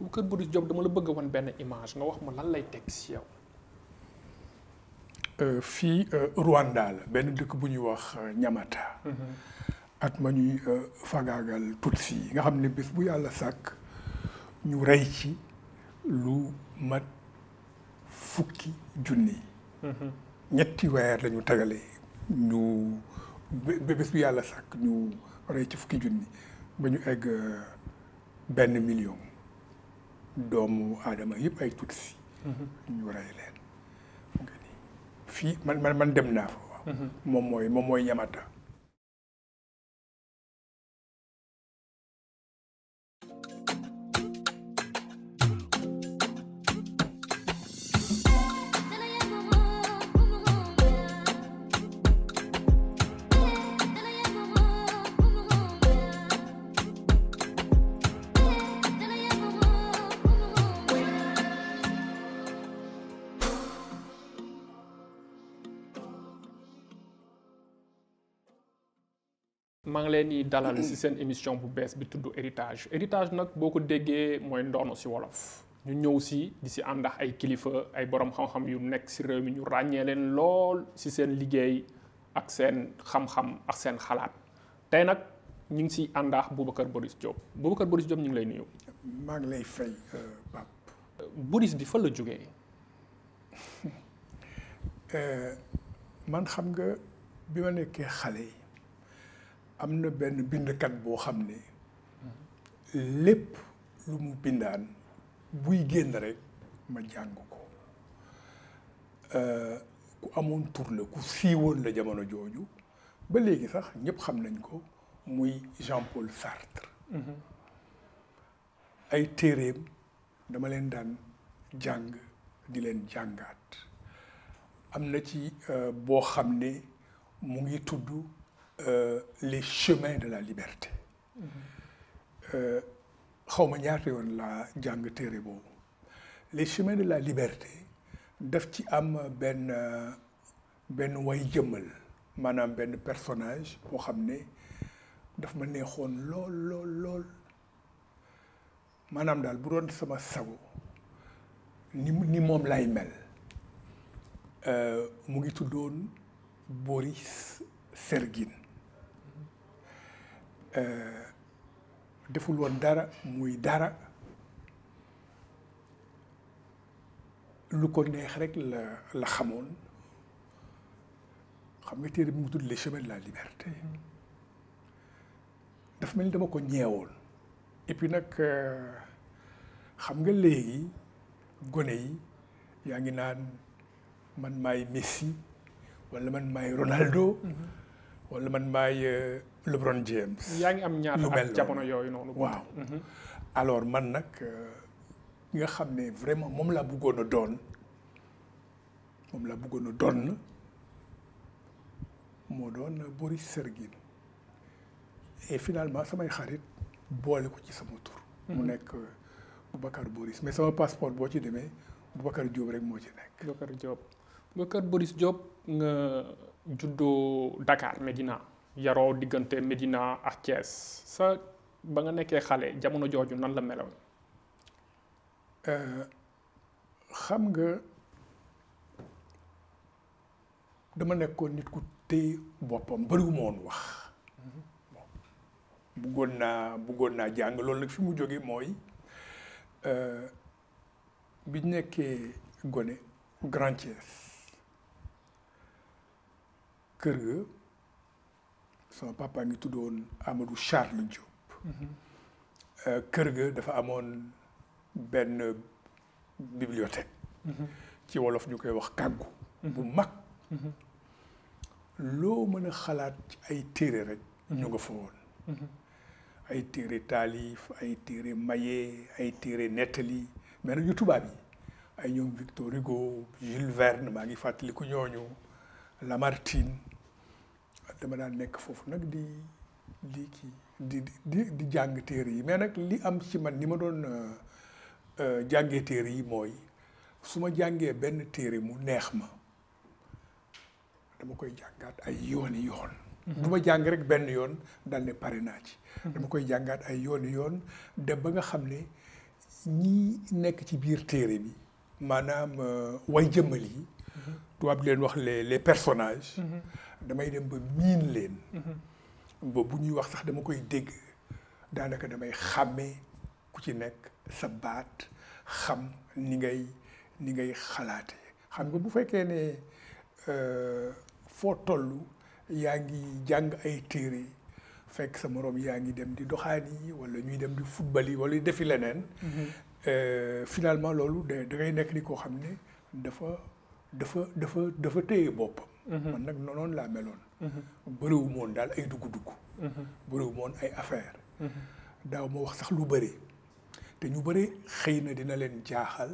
bu kër Boris Diop dama la bëgg a wan benn image nga wax ma lan lay teg si yow. Euh, fii euh, Rwanda la benn dëkk bu ñuy wax ñamata euh, mhm. at ma ñuy fagaagal Tutsi yi nga xam ne bés bu yàlla sàkk ñu rey ci lu mat fukki junni. Mhm. ñetti weer lañu tagale ñu bés bu yàlla sàkk ñu rey ci fukki junni ba ñu egg benn million. doomu aadama yëpp ay tutsi mm-hmm. ñu rey leen fii man man man dem naa fa. Mm-hmm. moom mooy moom mooy ñamata ngi leen dalal ci seen émission bu bees bi tudd héritage héritage nag boo ko déggee mooy ndono ci wolof ñu ñëw ci di ci àndax ay kilifa ay borom xam-xam yu nekk ci réew mi ñu ràññee leen lool ci seen liggéey ak seen xam-xam ak seen xalaat tey nag ñu ngi ciy àndax Boubacar Boris Diop Boubacar Boris Diop ñu ngi lay nuyu. maa ngi lay fay euh, Pape. Boris bi fa la jógee. Euh, man xam nga bi ma nekkee xale yi am na benn bindkat boo xam ne lépp lu mu bindaan buy génn rek ma jàng ko euh, ku amoon tur la ku siiwoon la jamono jooju ba léegi sax ñëpp xam nañ ko muy Jean-Paul Sartre mm-hmm. ay téeréem dama leen daan jàng di leen jàngaat am na ci euh, boo xam ne mu ngi tudd euh, les chemins de la liberté euh, xaw ma ñaata yoon laa jàng téere boobu les chemins de la liberté def ci am benn benn way jëmmal maanaam benn personnage boo xam ne daf ma neexoon lool lool maanaam daal bu doon sama sago ni ni moom lay mel euh, mu ngi tuddoon Boris Serguine Euh, deful woon dara muy dara lu ko neex rek la xamoon xam nga téere bi mu tudd les chemins de la liberté dafa mel ni dama ko ñeewoon et puis nag euh, xam nga léegi gone yi yaa ngi naan man maay Messi wala man maay Ronaldo mm-hmm. wala man maay euh, LeBron James. yaa ngi am ñaar ak jamono yooyu noonu. waaw mhm. alors man nag euh, nga xam ne vraiment moom laa bëggoon a doon moom laa bëggoon a doon moo doon Boris Serguine et finalement samay xarit boole ko ci sama tur. mu mhm. nekk euh, Boubacar Boris mais sama passeport boo ci demee Boubacar Diop rek moo ci nekk. Boubacar Diop Boubacar Boris Diop nga juddoo Dakar Medina. yaroo diggante Médina ak Thiès sa ba nga nekkee xale jamono jooju nan la meloon euh, xam nga dama nekkoon nit ku téye boppam bariwuma woon wax mm-hmm. buggoon naa buggoon naa jàng loolu nag fi mu jóge mooy euh, bi nekkee gone Grand Thiès kër ga sama papa ngi tuddoon Amadou Charles Diop. Euh, kër ga dafa amoon benn bibliothèque. ci wolof ñu koy wax kàggu. bu mag. loo mën a xalaat ci ay téere rek. ñu nga fa ay téere taalif ay téere maye ay téere nettali mais nag yu tubaab yi ay ñoom Victor Hugo Jules Verne maa ngi fàttaliku ñooñu Lamartine. dama daan nekk foofu nag di di kii di di di jàng téere yi mais nag li am ci man ni ma doon euh, euh, jàngee téere yi mooy su ma jàngee benn téere mu neex ma dama koy jàngaat ay yooni yoon mhm. du jàng rek benn yoon dal ne pare naa ci mhm. dama koy jàngaat ay yooni yoon de ba nga xam ne ñi nekk ci biir téere bi maanaam euh, way jëmmal yi mhm. tubaab di leen wax les les personnages damay dem ba miin leen. Mhm. ba bu ñuy wax sax dama koy dégg daanaka damay xàmmee ku ci nekk sa baat xam ni ngay ni ngay xalaate xam nga bu fekkee ne euh, foo toll yaa ngi jàng ay téere fekk sa moroom yaa ngi dem di doxaan yi walla ñuy dem di football yi walla di defi leneen. Mhm. Euh, finalement loolu da nekk di koo xam ne dafa dafa dafa dafa téye boppam. Mm-hmm. man nag noonu laa meloon. Mm-hmm. bëriwu moon daal ay dugg-dugg. Mm-hmm. bëriwu moon ay affaire daaw ma wax sax lu bëri te ñu bëri xëy na dina leen jaaxal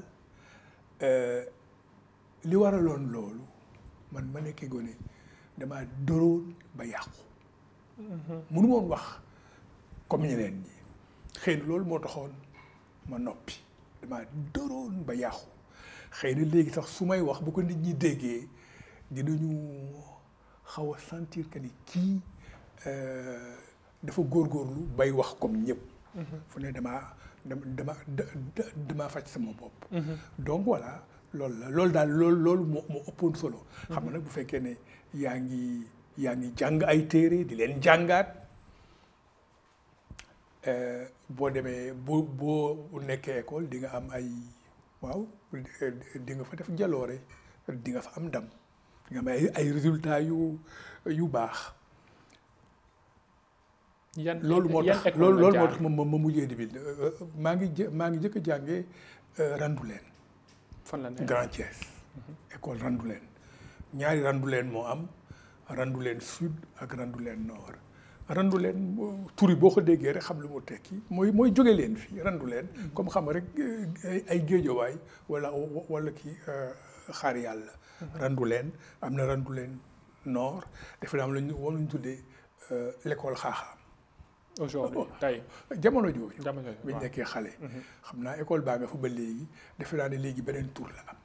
eh, li waraloon loolu man ma nekkee gone damaa doroon ba yàqu. mënu moon wax comme ñeneen ñi xëy na loolu moo taxoon ma noppi damaa doroon ba yàqu xëy na léegi sax su may wax bu ko nit ñi déggee. dinañu xaw a sentir que ni kii euh, dafa góor góorgóorlu bay wax comme ñëpp. Mhm. fu ne damaa dama damaa faj sama bopp. Mhm. donc voilà loolu la loolu daal loolu loolu moo moo ëppoon solo. Mhm. xam nga nag bu fekkee ne yaa ngi yaa ngi jàng ay téere di leen jàngaat euh, boo demee boo boo nekkee école di nga am ay waaw di nga fa def jaloore di nga fa am ndam. nga am ay résultat yu yu baax. yan loolu moo tax loolu moo tax ma mu mujjee di bind euh, euh, maa ngi jë maa ngi jëkk a jàngee euh, Randoulène. fan la nekk Grand Thiès. Mhm. école Randoulène ñaari leen moo am Randoulène sud ak Randoulène nord. Randoulène tur yi boo ko déggee rek xam lu mu tekki mooy mooy jóge leen fii leen mhm. comme xam rek ay géejowaay wala wala kii xaar yàlla randu leen am na randu leen nord defe naa am lañu moom lañu tuddee euh, l'école xaaxaam aujourd'hui ah tey jamono jooju bi nekkee xale mhm. xam naa école baa nga fa ba léegi defe naa ne léegi beneen tur la am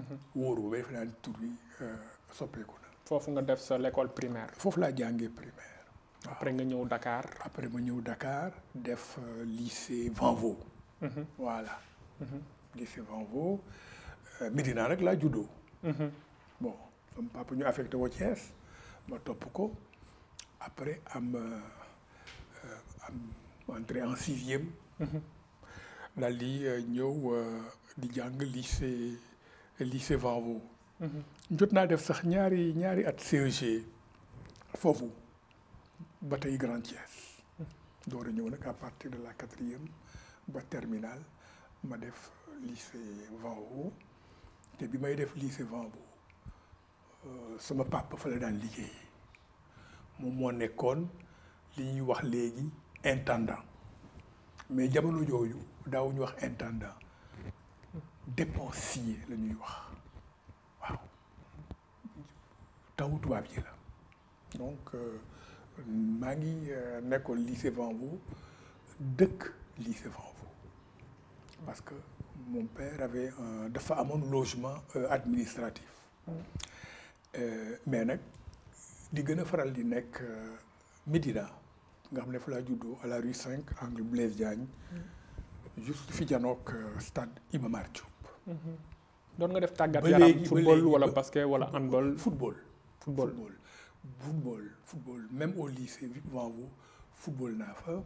mhm. wóoru ba defe naa ne tur bi euh, soppeeku na foofu nga def sa l'école primaire foofu laa jàngee primaire après nga ñëw dakaar après ma ñëw Dakar def euh, lycée Vanvo mhm. voilà lycée Vanvo Euh, naa rek laa juddoo. Mhm. bon sama papa ñu affecté woo Thiès ma topp ko après am euh, euh, am entré en sixième. Mhm. daal di ñëw di jàng lycée lycée Vanvo. Mhm. jot naa def sax ñaari ñaari at CEG foofu ba tey Grand Thiès. door a ñëw nag à partir de la quatrième ba terminale ma def lycée Vanvo. te bi may def lycée Vanbo euh, sama papa fa la daan liggéey moom moo nekkoon li ñuy wax léegi intendant mais jamono jooju daawuñu wax intendant dépensier la ñuy wax waaw tawu tubaab ji la donc euh, maa ngi euh, nekkoon lycée Vanvo dëkk lycée Vanvo parce que mon père euh, dafa amoon logement euh, administratif euh, mais nag di gën a faral di nekk Médina nga xam ne fa laa juddoo à la rue 5 angle Blaise Diagne juste fi janook stade Iba Mar mhm. doon nga def tàggat yaram football wala basket wala handball. football football même au lycée vite vous football naa fa.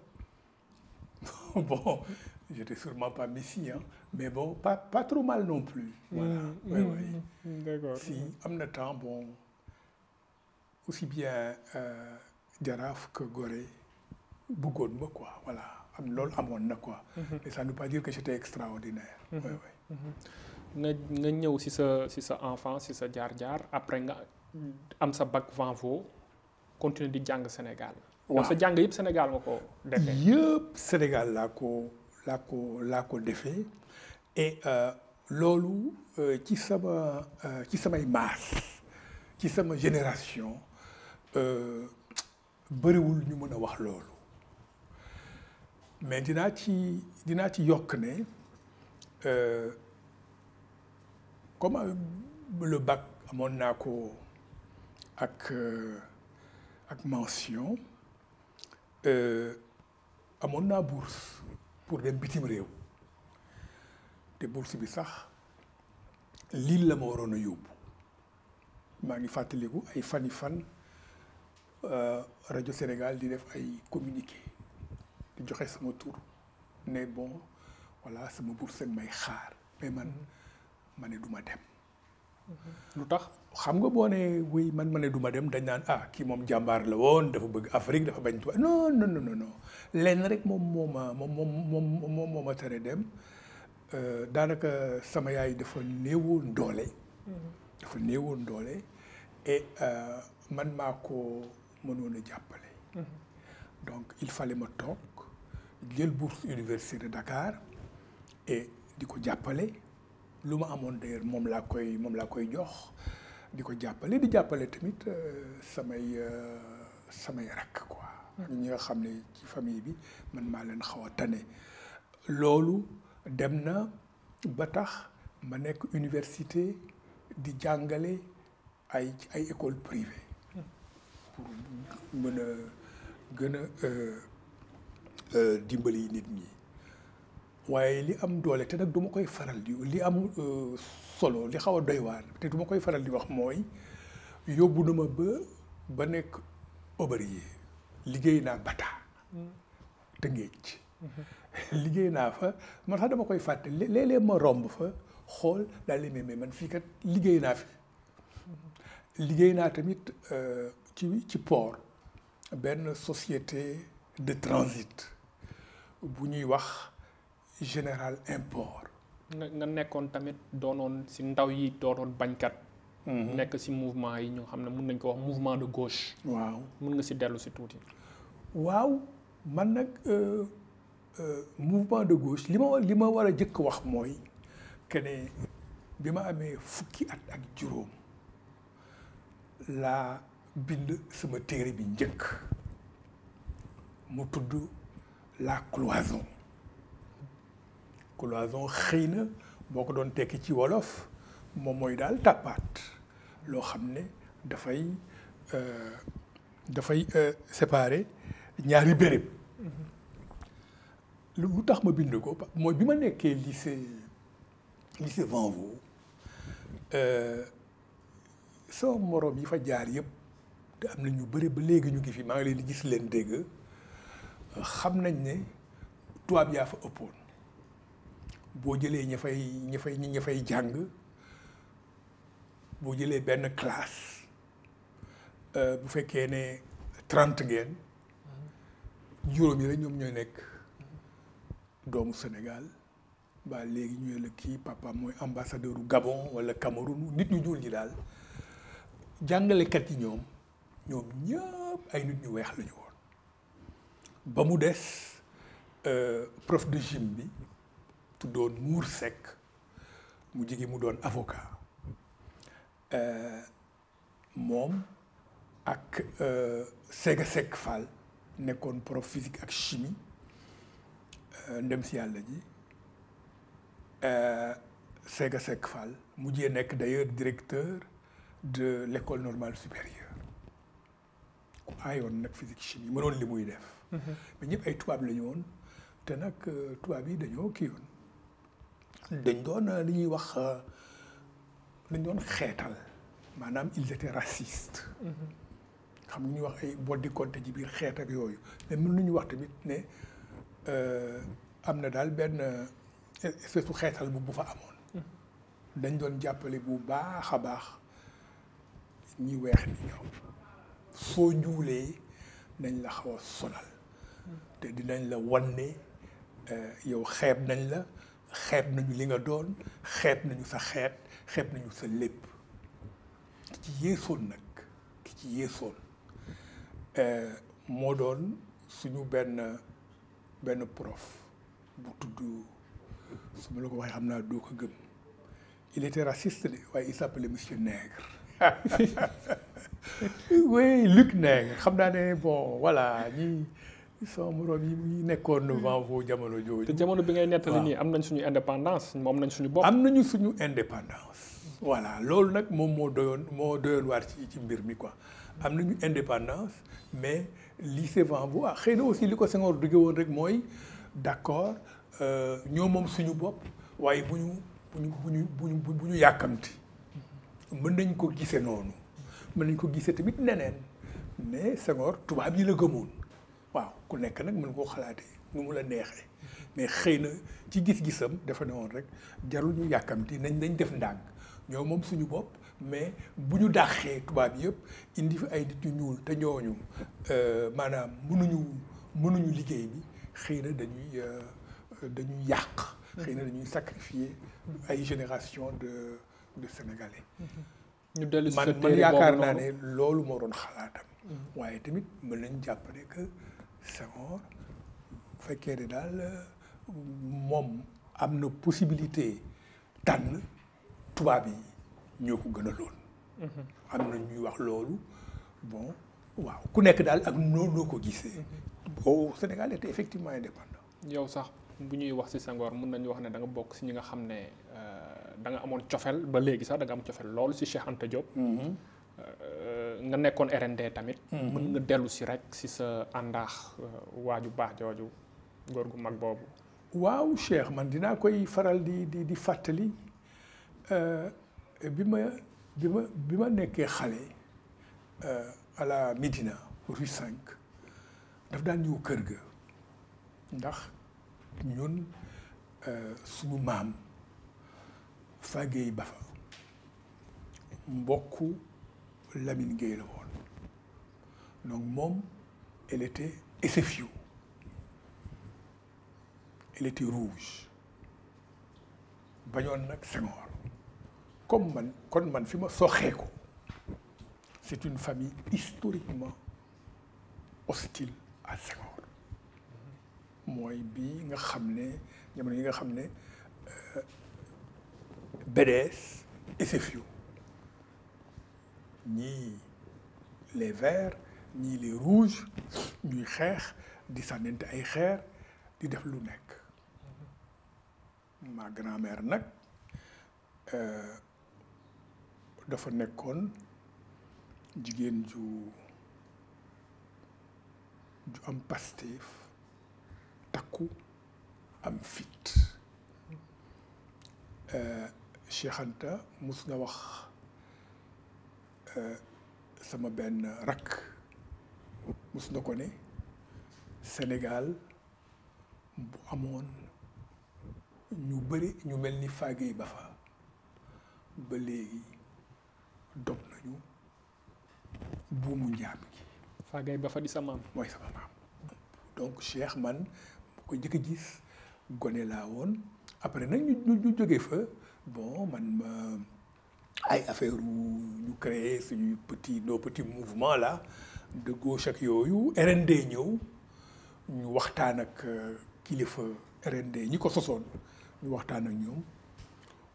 bon, je n'étais sûrement pas messie, mais bon, pas, pas trop mal non plus. Voilà. Mmh, oui, mmh, oui. D'accord. Si, en même temps, bon, aussi bien euh, Djaraf que Goré, beaucoup de quoi, voilà. loolu amoon na quoi. Mm-hmm. mais ça ne veut pas dire que j'étais extraordinaire. Mm-hmm. Mm-hmm. nga nga ñëw si sa si sa enfance si sa jaar-jaar après nga am sa bac Vanvo continuer di jàng Sénégal. waaw sa jàng yëpp Sénégal nga ko defee. yëpp Sénégal laa ko laa ko laa ko defee et euh, loolu euh, ci euh, ci samay maas ci sama génération bëriwul ñu mën a wax loolu mais dinaa ci dinaa ci yokk ne comment le bac amoon naa ko ak ak mention. Euh, amoon naa bourse pour dem bitim réew te bourse bi sax Lille la ma waroon a yóbbu maa ngi fàttaliku ay fani fan euh, rajo Sénégal di def ay communiqué di joxe sama tur ne bon voilà sama bourse may xaar mais man ma ne du dem lu tax xam nga boo ne wuy man ma ne duma dem dañ naan ah kii moom jàmbaar la woon dafa bëgg Afrique dafa bañ tubaab non non non lenn rek moom moom moom moom moo ma dem euh, daanaka sama yaay dafa néewoon doole. Mm-hmm. dafa doole euh, man mm-hmm. ma toog jël bourse Dakar di ko jàppale lu ma amoon moom laa moom laa koy jox. di ko jàppale di jàppale tamit euh, samay euh, samay rakk quoi hmm. ñi nga xam ne ci famille bi man maa leen xaw a tane loolu dem na ba tax ma nekk université di jàngale ay ay école privée hmm. pour mën a gën a euh, dimbali nit ñi waaye li am doole te nag du ma koy faral di li am euh, solo li xaw a doy waar te du ma koy faral di wax mooy yóbbu na ma ba ba nekk ouvrier liggéey naa bata mm. te mm-hmm. liggéey naa fa man sax dama koy fàtte léeg-léeg ma romb fa xool daal di mais man fii kat liggéey naa fi mm-hmm. liggéey naa tamit euh, ci ci port benn société de transit bu ñuy wax général import. nga nekkoon tamit doonoon si ndaw yi doonoon bañkat. Mhm. nekk si mouvement yi ñoo xam ne mun nañ ko wax mouvement de gauche. waaw mun nga si dellu si tuuti. waaw man nag euh, euh, mouvement de gauche li ma li ma war a jëkk wax mooy que bi ma amee fukki at ak juróom laa bind sama téere bi njëkk mu tudd la cloison. cloison xëy na boo ko doon tekki ci wolof moom mooy daal tàppaat loo xam ne dafay euh, dafay euh, séparer ñaari béréb. Mm-hmm. lu tax ma bind ko mooy bi ma nekkee lycée lycée Vanvo soo euh, moroom yi fa jaar yëpp te am na ñu bëri ba léegi ñu ngi fii maa ngi leen di gis leen dégg xam nañ ne tubaab yaa fa ëppoon. boo jëlee ña fay ña fay ñi ña fay jàng boo jëlee benn classe euh, bu fekkee ne trent ngeen juróom yi rek ñoom ñooy nekk doomu Sénégal ba léegi ñu la kii papa mooy ambassadeur u Gabon wala Cameroun nit ñu ñuul ñi daal jàngalekat yi ñoom ñoom ñëpp ay nit ñu weex la woon ba mu des euh, prof de gym bi tuddoon Mour Seck mu jigi mu doon avocat euh, moom ak euh, Sega Seck Fall nekkoon prof physique ak chimie euh, ndem si yàlla ji Sega Seck mu mujjee nekk d'ailleurs directeur de l'école normale supérieure ku aayoon nag physique chimie mënoon li muy def mm-hmm. mais ñëpp ay tubaab la woon te nag tubaab yi dañoo kii woon dañ doon euh, li ñuy wax euh, dañ doon xeetal maanaam ils étaient racistes mm-hmm. xam nga ñuy wax ay boddi konte ci biir xeet yooyu mais mën nañu wax tamit ne euh, am na daal benn espèce xeetal bu bu fa amoon mm-hmm. dañ doon jàppale bu baax a baax ñi weex ni ñoom soo juulee nañ la xaw a mm-hmm. te dinañ la won ne yow xeeb nañ la xeeb nañu li nga doon xeeb nañu sa xeet xeeb nañu sa lépp ki ci yéesoon nag ki ci yéesoon eh, moo doon suñu benn benn prof bu tudd su ma la ko waxee xam naa doo ko gëm il était raciste de waaye il s'appelait monsieur Nègre oui Luc xam naa ne bon voilà ñi sama morom yi mu nekkoon mm. vent foofu jamono jooju. te jamono bi ngay nettali nii am nañ suñu indépendance moom nañ suñu bopp. am nañu suñu indépendance. voilà loolu nag moom moo doyoon moo doyoon waar ci ci mbir mi quoi am nañu indépendance mais lii c'est vent bu ah, xëy na aussi li ko Senghor dugge woon rek mooy d'accord euh, ñoo moom suñu bopp waaye bu ñu bu ñu bu ñu bu ñu yàkkamti mën nañ ko gisee noonu mën nañ ko gisee tamit neneen mais Senghor tubaab yi la gëmoon. ku nekk nag mën koo xalaatee nu mu la neexee mais xëy na ci gis-gisam dafa ne woon rek jarul ñu yàkkamti nañ dañ def ndànk ñoo moom suñu bopp mais bu ñu dàqee tubaab yëpp indi fi ay nit ñu ñuul te ñooñu euh, maanaam mënuñu mënuñu liggéey bi xëy na dañuy euh, dañuy yàq. xëy na dañuy sacrifier ay génération de de sénégalais. dellu si man man yaakaar naa ne loolu moo doon xalaatam. Mm-hmm. waaye tamit mën nañ jàpp ne Senghor bu fekkee ne daal euh, moom am na possibilité tànn tubaab yi ñoo ko gën a loon mm-hmm. am na ñuy wax loolu bon waaw ku nekk daal ak noo noo ko gisee. Mm-hmm. boo Sénégal était effectivement indépendant. yow sax bu ñuy wax ci Senghor mën nañu wax ne da nga bokk ci ñi nga xam ne euh, da nga amoon cofeel ba léegi sax danga am cofeel loolu ci Cheikh Anta Euh, nga nekkoon RND tamit. Mhm. mën nga dellusi si rek si sa àndaax euh, waaju baax jooju góor gu mag boobu. waaw Cheikh man dinaa koy faral di di di fàttali euh, bi ma bi ma bi ma nekkee xale à la Médina rue 5 daf daan ñëw kër ga ndax ñun suñu maam Fagué Bafa mbokku. Lamine Gueye la woon donc moom elle était SFIO elle était rouge bañoon nag Senghor comme man kon man fi ma soxee ko c'est une famille historiquement hostile à Senghor mooy bii nga xam ne jamono yi nga xam ne euh, BDS SFIO ñii les verts ñii les rouges ñuy xeex di sànnante ay xeer di def lu nekk ma grand-mère nag euh, dafa nekkoon jigéen ju ju am Pastef takku am fit euh, Cheikh Anta mus na wax Euh, sama benn rakk mus na ko ne Sénégal bu amoon ñu bari ñu mel ni Fagué Bafa ba léegi dog nañu buumu njaam gi. Fagué Bafa di sa maam. mooy sama maam. donc Cheikh man bu ko njëkk a gis gone laa woon après nag ñu ñu jógee fa bon man ay affaire ñu créer suñuy petit nos petits mouvements là de gauche yooyu RND ñëw ñu waxtaan ak euh, kilifa RND ñi ko sosoon ñu waxtaan ak ñoom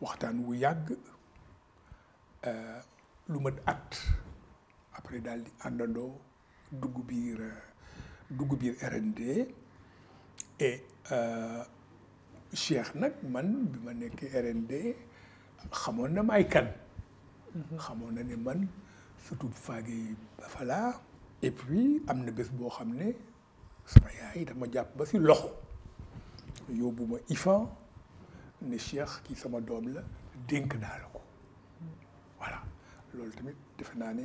waxtaan wu yàgg euh, lu mat at après daal di àndandoo dugg biir euh, dugg biir RND et Cheikh nag man bi ma nekkee RND xamoon na may kan xamoon na ne man surtout faagi dafa laa et puis am na bés boo xam ne sama yaay dama jàpp ba si loxo yóbbu ma ifan ne Cheikh kii sama doom la dénk naa la ko voilà loolu tamit defe naa ne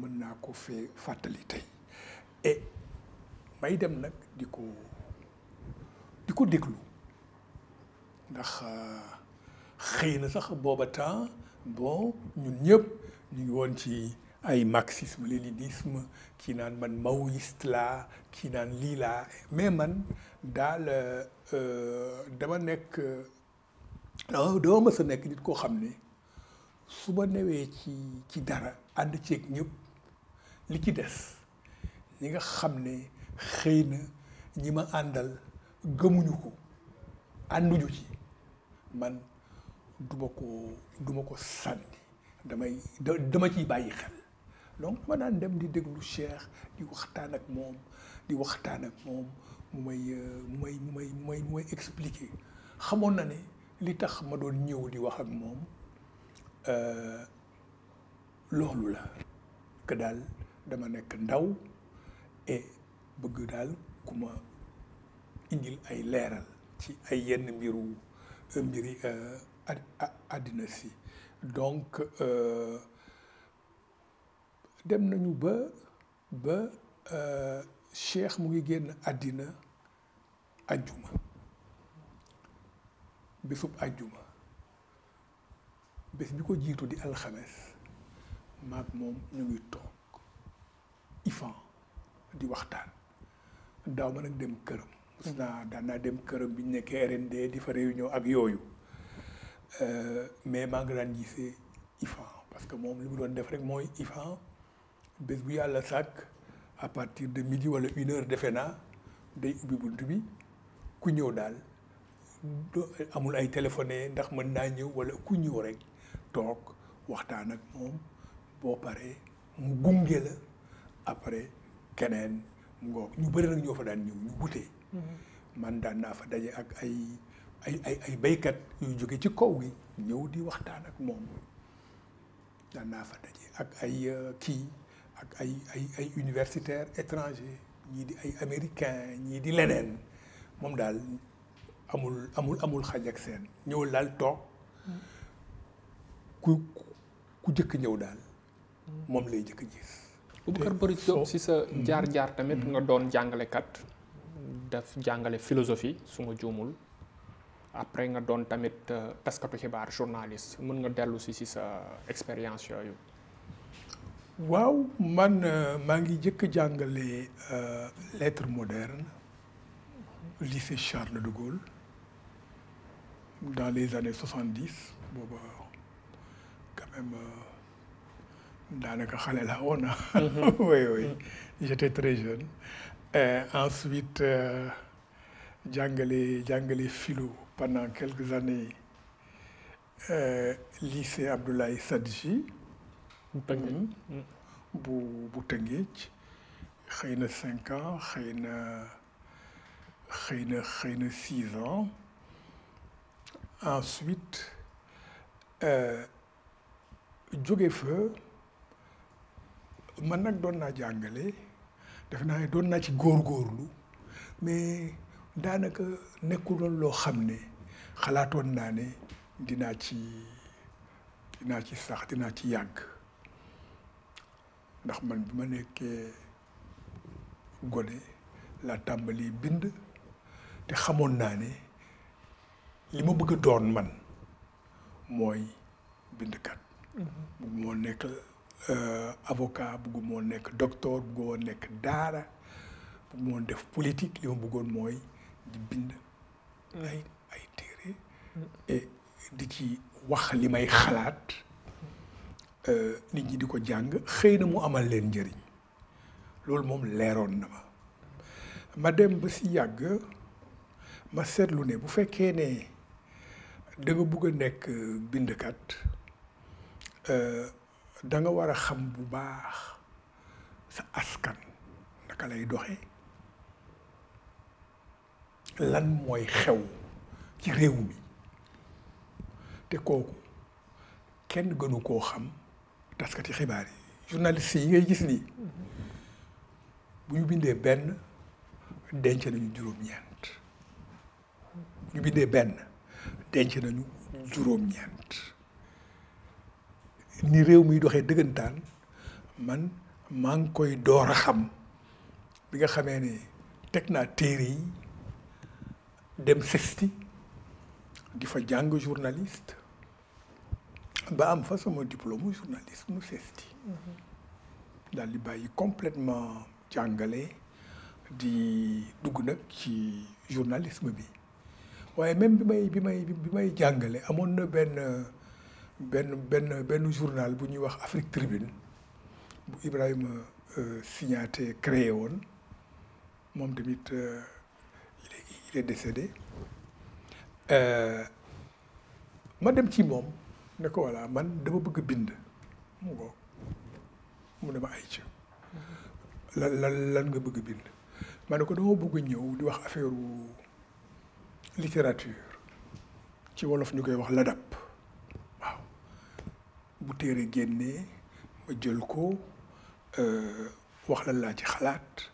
mën naa ko fee fàttali tey et may dem nag di ko di ko déglu ndax euh, xëy na sax booba temps bon ñun ñëpp ñu ngi woon ci ay marxisme léninisme kii naan man maoïste laa kii naan lii laa mais man daal euh, dama nekk ah, dama mës a nekk nit koo xam ne su ma newee ci ci dara ànd ceeg ñépp li ci des ñi nga xam ne xëy na ñi ma àndal gëmuñu ko ànduñu ci man duma ko du ko sànni damay dama ci bàyyi xel donc dama daan dem di déglu Cheikh di waxtaan ak moom di waxtaan ak moom mu may mu may mu may mu may expliquer xamoon na ne li tax ma doon ñëw di wax ak moom euh, loolu la que daal dama nekk ndaw et bëgg daal ku ma indil ay leeral ci ay yenn mbiru mbiri euh, àddina si donc euh, dem nañu ba ba euh, Cheikh mu ngi génn àddina ajjuma bésub ajjuma bés bi ko jiitu di alxames maag moom ñu ngi toog ifan di waxtaan daaw ma nag dem këram. mos naa daan dem këram bi ñu nekkee RND di fa réunion ak yooyu. Euh, mais maa ngi daan gisee IFAN parce que moom li bu doon def rek mooy IFAN bés bu yàlla sàkk à partir de midi wala une heure defe naa day ubbi bunt bi ku ñëw daal amul ay téléphoné ndax mën naa ñëw wala ku ñëw rek toog waxtaan ak moom boo pare mu gunge la après keneen mu ngoog ñu bëri nag ñoo fa daan ñëw ñu wutee mm-hmm. man daan naa fa daje ak ay ay ay ay béykat yuy jóge ci kaw gi ñëw di waxtaan ak moom daan naa fa daje ak ay euh, kii ak ay ay ay universitaires étrangers ñii di ay américains ñii di leneen moom daal amul amul amul xaj ak seen ñëw laal toog ku ku jëkk ñëw daal moom lay jëkk gis. Boubacar Boris Diop si sa mm-hmm. jaar jaar tamit mm-hmm. nga doon jàngalekat daf jàngale philosophie su nga juumul. après nga doon tamit euh, taskatu xibaar journaliste mën nga dellu si si sa expérience yooyu. waaw man euh, maa ngi jëkk jàngale euh, lettre moderne lycée Charles de Gaulle dans les années soixante-dix booba quand daanaka xale la woon na. Ah. Mhm. oui oui j'étais très jeune. Et ensuite jàngale jàngale filo pendant quelques années euh, lycée Abdoulaye Sadji. bu Tëngéej bu bu xëy na cinq ans xëy na xëy na xëy na six ans ensuite euh, jóge fa man nag doon naa jàngale def naa doon naa ci góorgóorlu mais. daanaka nekkuloon loo xam ne xalaatoon naa ne dinaa ci dinaa ci sax dinaa ci yàgg ndax man bi ma nekkee gone laa tàmbali bind te xamoon naa ne li ma bëgg a doon man mooy bindkat mm-hmm. buggu moo nekk euh, avocat buggu nekk docteur buggu nekk daara buggu def politique li ma bëggoon mooy di bind ay téere mm. di ci wax li may xalaat euh, nit ñi di ko jàng xëy na mu amal leen njëriñ loolu moom leeroon na ma ma dem ba ci yàgg ma seetlu ne bu fekkee ne da nga bugg a nekk bindkat euh, da danga war a xam bu baax sa askan naka lay doxee lan mooy xew ci réew mi te kooku kenn gënu koo xam taskati xibaar yi journaliste yi ngay gis nii bu ñu bindee benn denc nañu juróom-ñeent ñu bindee benn denc nañu juróom-ñeent ni réew mi doxee dëggantaan man maa ngi koy door a xam bi nga xamee ne teg naa téere yi dem sesti di fa jàng journaliste ba am fa sama diplôme journaliste mu sesti mhm. daal di bàyyi completement jàngale di dugg nag ci journalisme bi waaye même bi may bi may bi may jàngale amoon na benn benn benn benn journal bu ñuy wax Afrique Tribune bu Ibrahima euh, Signaté créé woon moom tamit euh, est décédé euh, ma dem ci moom ne ko voilà man dama bëgg bind mu ngoo ne ma ay ci lan lan nga bëgg bind ma ne ko dama bëgg ñëw di wax affaire littérature ci wolof ñu koy wax ladab waaw bu téere génnee ma jël ko euh, wax lan laa ci xalaat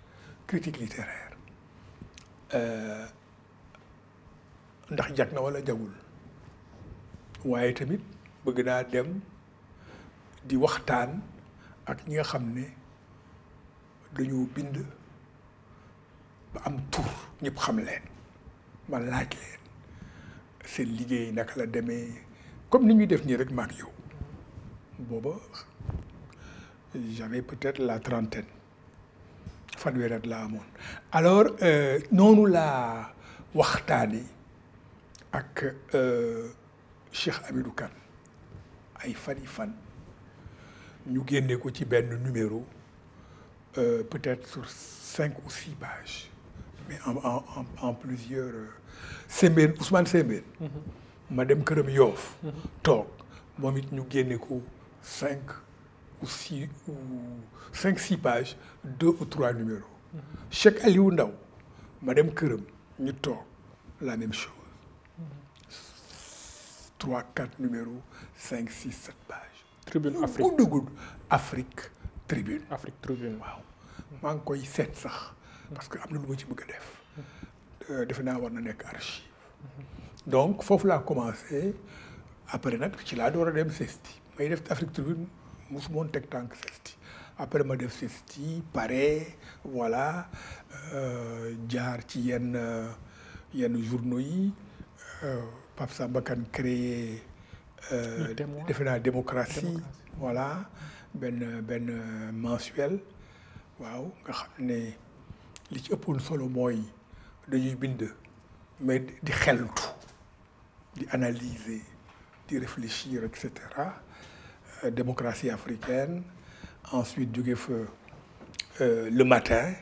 critique littéraire euh, ndax jag na walla jagul waaye tamit bëgg naa dem di waxtaan ak ñi nga xam ne dañoo bind ba am tur ñëpp xam leen ma laaj leen seen liggéey naka la demee comme ni ñuy def nii rek maak yow booba j'avais peut-être la trentaine fanweer at laa amoon alors euh, noonu laa waxtaani ak euh, Cheikh Hamidou kan ay fan yi fan ñu génne ko ci benn numéro euh, peut-être sur cinq ou six pages mais en en en plusieurs euh, Sembène Ousmane Sembène. Mm-hmm. ma dem këram Yoff. Mm-hmm. toog moom it ñu génne ko cinq ou six ou cinq six pages deux ou trois numéros. Mm-hmm. Cheikh Aliou Ndaw ma dem këram ñu toog la même chose. trois quatre numéros cinq six sept pages. tribune Afrique gudd gudd Afrique tribune. Afrique tribune waaw. maa ngi koy seet sax. parce que am na lu ma ci bëgg a def. Euh, defe naa war na nekk archive. donc foofu laa commencé après nag ci laa door a dem CESTI may def Afrique tribune mosu moon teg tànk CESTI après ma def CESTI pare voilà euh, jaar ci yenn euh, yenn journaux yi. Pape Samba Kane créé euh, defe naa démocratie voilà benn benn mensuel waaw nga xam ne li ci ëpp solo mooy dañuy bind mais di xeltu di analyser di réfléchir et cetera euh, démocratie africaine ensuite jóge fa euh, le matin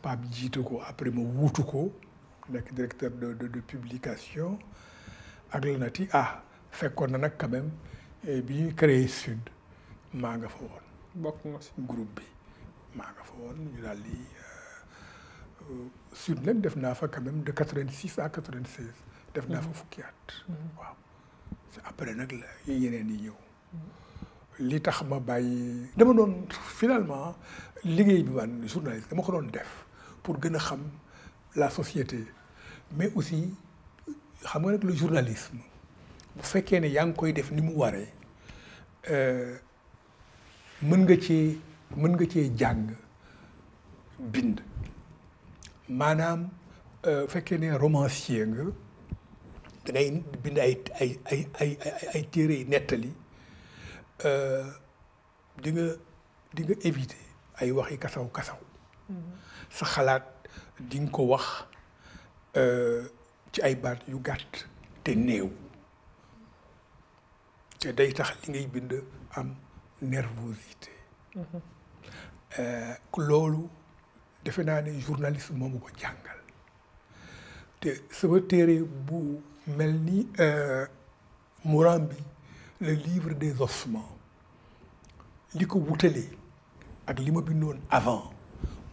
Pape jiitu ko après ma wuutu ko nekk directeur de de publication ak Lunati ah fekkoon na nag quand eh, bi ñuy créé sud maa nga fa woon. bokk nga si groupe bi maa nga fa woon ñu daal di euh, sud nag def naa fa quand même de quatre vingt six à quatre vingt seize. def naa fa mhm. fukki at. Mhm. waaw après nag la yeneen yi ñëw. li tax ma bàyyi. dama doon finalement liggéey bi man journaliste dama ko doon def pour gën a xam la société mais aussi. xam nga nag le journalisme bu fekkee ne yaa ngi koy def ni mu waree euh, mën nga cee mën nga cee jàng bind maanaam euh, bu fekkee ne romancier nga dangay bind ay ay ay ay ay téere yi nettali euh, di nga di nga éviter ay wax kasaw kasaw mm-hmm. sa xalaat di nga ko wax. ci ay baat yu gàtt te néew te day tax li ngay bind am nervosité eh, loolu defe naa ne journaliste moomu ko jàngal te sama téere bu mel ni eh, Murambi le livre des ossements li ko wutalee ak li ma bindoon avant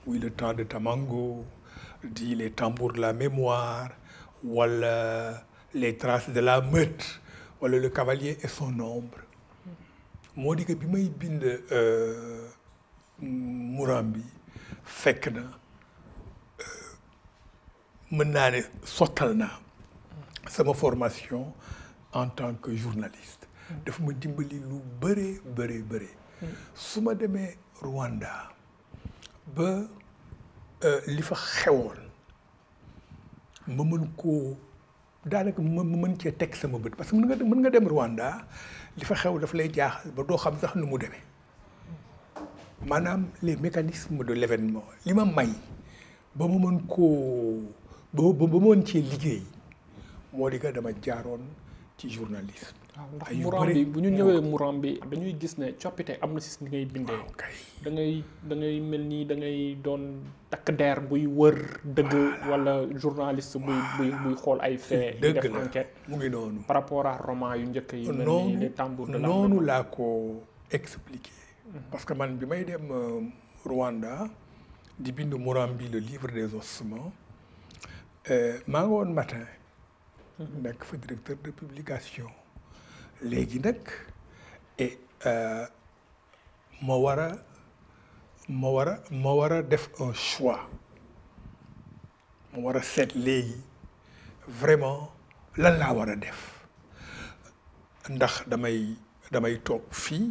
muy le temps de Tamango di les tambours de la mémoire wala les traces de la meute wala le cavalier et son ombre moo di que bi may bind euh, Murambi fekk na euh, mën naa ne sottal na sama formation en tant que journaliste dafa ma dimbali lu bëree bëree bëree su demee Rwanda ba euh, li fa xewoon ma mën koo daanaka ma mën cee teg sama bët parce que mën nga mën nga dem Rwanda li fa xew daf lay jaaxal ba doo xam sax nu mu demee maanaam les mécanismes de l'événement li ma may ba ma mën koo ba ba ma mën cee liggéey moo di que dama jaaroon ci journaliste. ndax muraam bi bu ñu ñëwee muraam bi dañuy gis ne coppite am na si ni ngay bindee da ngay da mel nii da ngay doon takk der buy wër dëgg wala journaliste buy buy xool ay fait def enquête mu ngi noonu par rapport à roman yu njëkk yi mel ni les tambours de noonu laa ko expliqué mhm. parce que man bi may dem euh, Rwanda di bind muraam bi le livre des ossements euh, maa nga woon matin mhm. nekk fa directeur de publication léegi nag et euh, ma war a ma war a ma war a def un choix ma war a seet léegi vraiment lan laa war a def ndax damay damay toog fii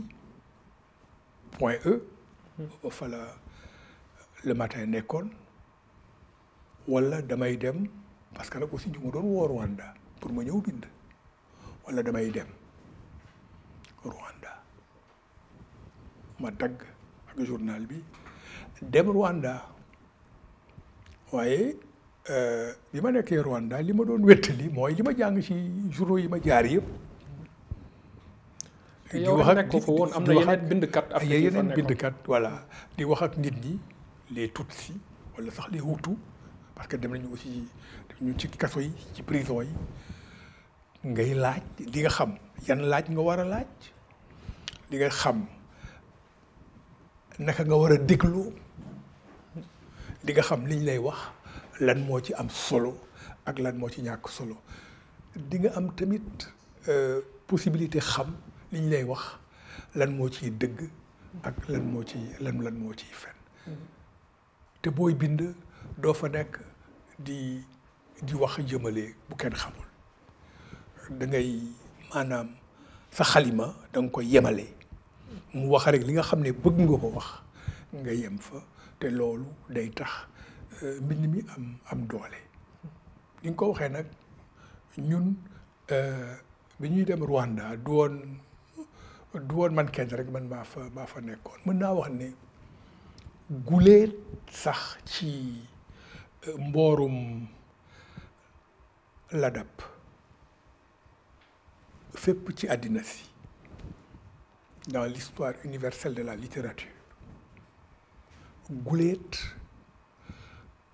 point E fa la le matin nekkoon wala damay dem parce que nag aussi ñu ngi doon woor Rwanda pour ma ñëw bind wala damay dem Rwanda ma dagg ak journal bi dem Rwanda waaye euh, bi ma nekkee Rwanda li ma doon wéttali mooy li ma jàng ci journaux yi ma jaar yëpp. di wax ak di woon am na yeneen bindkat. ak yeneen bindkat voilà di wax ak nit ñi les Tutsi wala sax les wutu parce que dem nañu aussi dem nañu ci kaso yi ci prison yi. ngay laaj di nga xam yan laaj nga war a laaj di nga xam naka nga war a déglu di nga xam liñ lay wax lan moo ci am solo ak lan moo ci ñàkk solo di nga am tamit euh, possibilité xam liñ lay wax lan moo ciy dëgg ak lan moo ci lan lan moo ciy fen te booy bind doo fa nekk di di wax jëmale bu kenn xamul da ngay maanaam sa xalima da nga yemale mu wax rek li nga xam ne bëgg nga ko wax nga yem fa te loolu day tax euh, mbind mi am am doole ni nga ko waxee nag ñun euh, bi ñuy dem Rwanda du woon du woon man kenn rek man maa fa maa fa nekkoon mën naa wax ne guleet sax ci euh, mboorum ladab fépp ci àddina si dans l'histoire universelle de la littérature guléet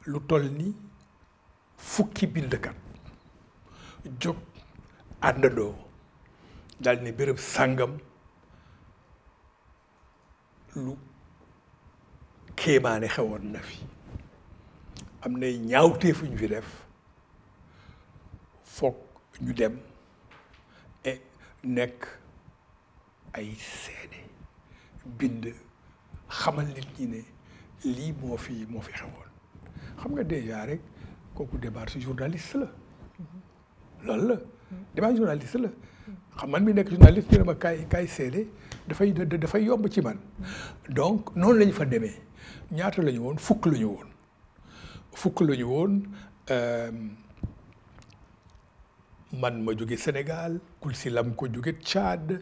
lu toll ni fukki bindkat jóg àndandoo daal ne béréb sàngam lu kéemaane xewoon na fi am na ñaawteefuñ fi def foog ñu dem nekk ay seede bind xamal nit ñi ne lii moo fi moo fi xewoon xam nga déjà rek kooku débat si journaliste la loolu la débat journaliste la xam man mi nekk journaliste ñu ne kaay kaay seede dafay dafay yomb ci man donc noonu lañ fa demee ñaata la ñu woon fukk la woon fukk la ñu woon euh, man ma jóge Sénégal si Lam ko jóge Tchad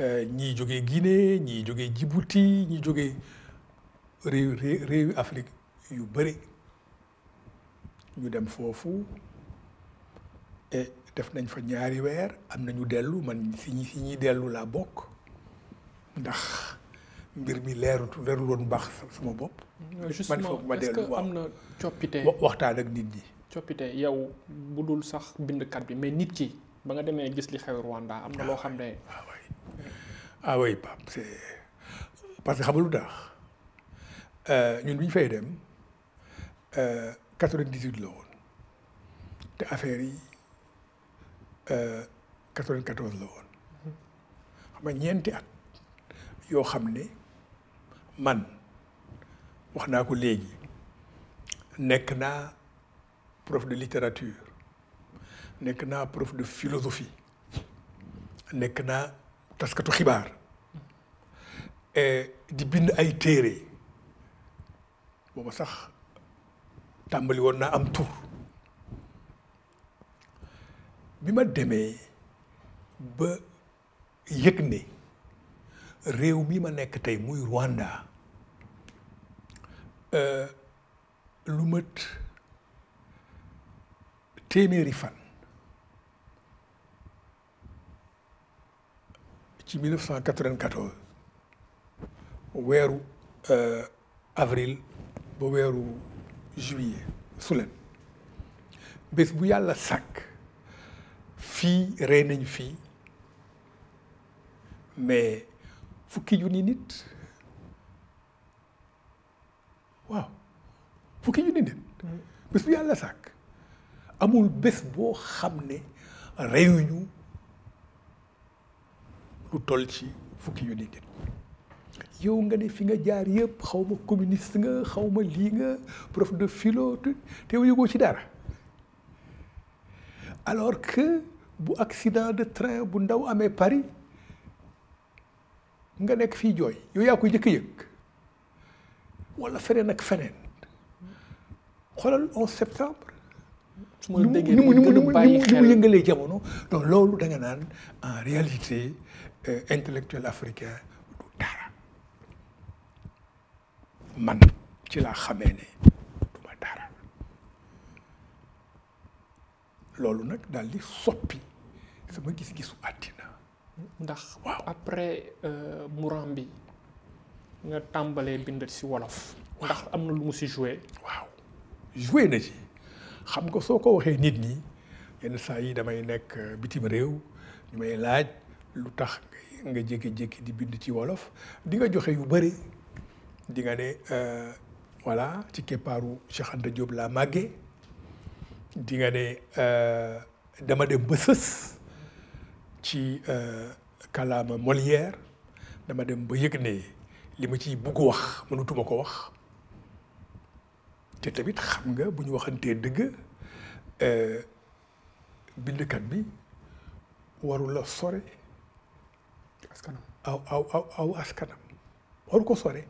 euh, ñi jóge Guinée ñii jóge Djibouti ñii jóge réew réew Afrique yu bëri ñu dem foofu et def nañ fa ñaari weer am na ñu dellu man si ñi si ñi dellu laa bokk ndax mbir mi leerut leerul woon baax suma bopp. man foog ma dellu am na coppite waxtaan ak nit ñi. coppite yow bu dul sax bindkat bi mais nit ki ba nga demee gis li xew Rwanda am na loo xam ne. ah oui ah Pape c'est parce que xamul daax euh, ñun bi ñu fay dem euh, quatre-vingt-dix-huit te affaire yi euh, quatre-vingt-quatorze la woon xam nga ñeenti at yoo xam ne man wax naa ko léegi nekk naa. prof de littérature nekk naa prof de philosophie nekk naa taskatu xibaar eh, di bind ay téere booba sax tàmbali woon naa am tur bi ma demee ba yëg ne réew mi ma nekk tey muy Rwanda eh, lu mët téeméeri fan ci 1994 weeru euh, avril ba weeru juillet su leen bés bu yàlla sàkk fii rey nañ fii mais fukki junni nit waaw fukki junni nit mm. bés bu yàlla sàkk amul bés boo xam ne reyuñu lu toll ci fukki yu ni nit yow nga ne fi nga jaar yëpp xaw ma communiste nga xaw ma lii nga prof de philo te yow yëgoo ci dara alors que bu accident de train bu ndaw amee Paris nga nekk fii jooy yow yaa koy jëkk yëg walla feneen ak feneen xoolal 11 septembre su ma la déggee ni mu ni mu ni mu yëngalee jamono donc loolu danga naan en réalité euh, intellectuel africain du dara man ci laa xamee ne du dara loolu nag daal di soppi ma gis-gisu àddina ndax waaw après euh, Mouran bi nga tàmbalee bind ci wolof ndax am na lu mu ci joué waaw joué na ci xam nga soo ko waxee nit ñi yenn saa yi damay nekk euh, bitim réew ñu may laaj lu tax nga jékki-jékki di bind ci wolof di joxe yu bëri dinga nga ne euh, voilà ci keppaaru Cheikh Anta Diop laa màggee dinga nga ne euh, dama dem ba sës ci kalaama Molière dama dem ba yëg ne li ma ci bugg wax mënutuma ko wax te tamit xam nga bu ñu waxantee dëgg euh, bindkat bi warul a sore. askanam aw aw aw askanam waru ko sore.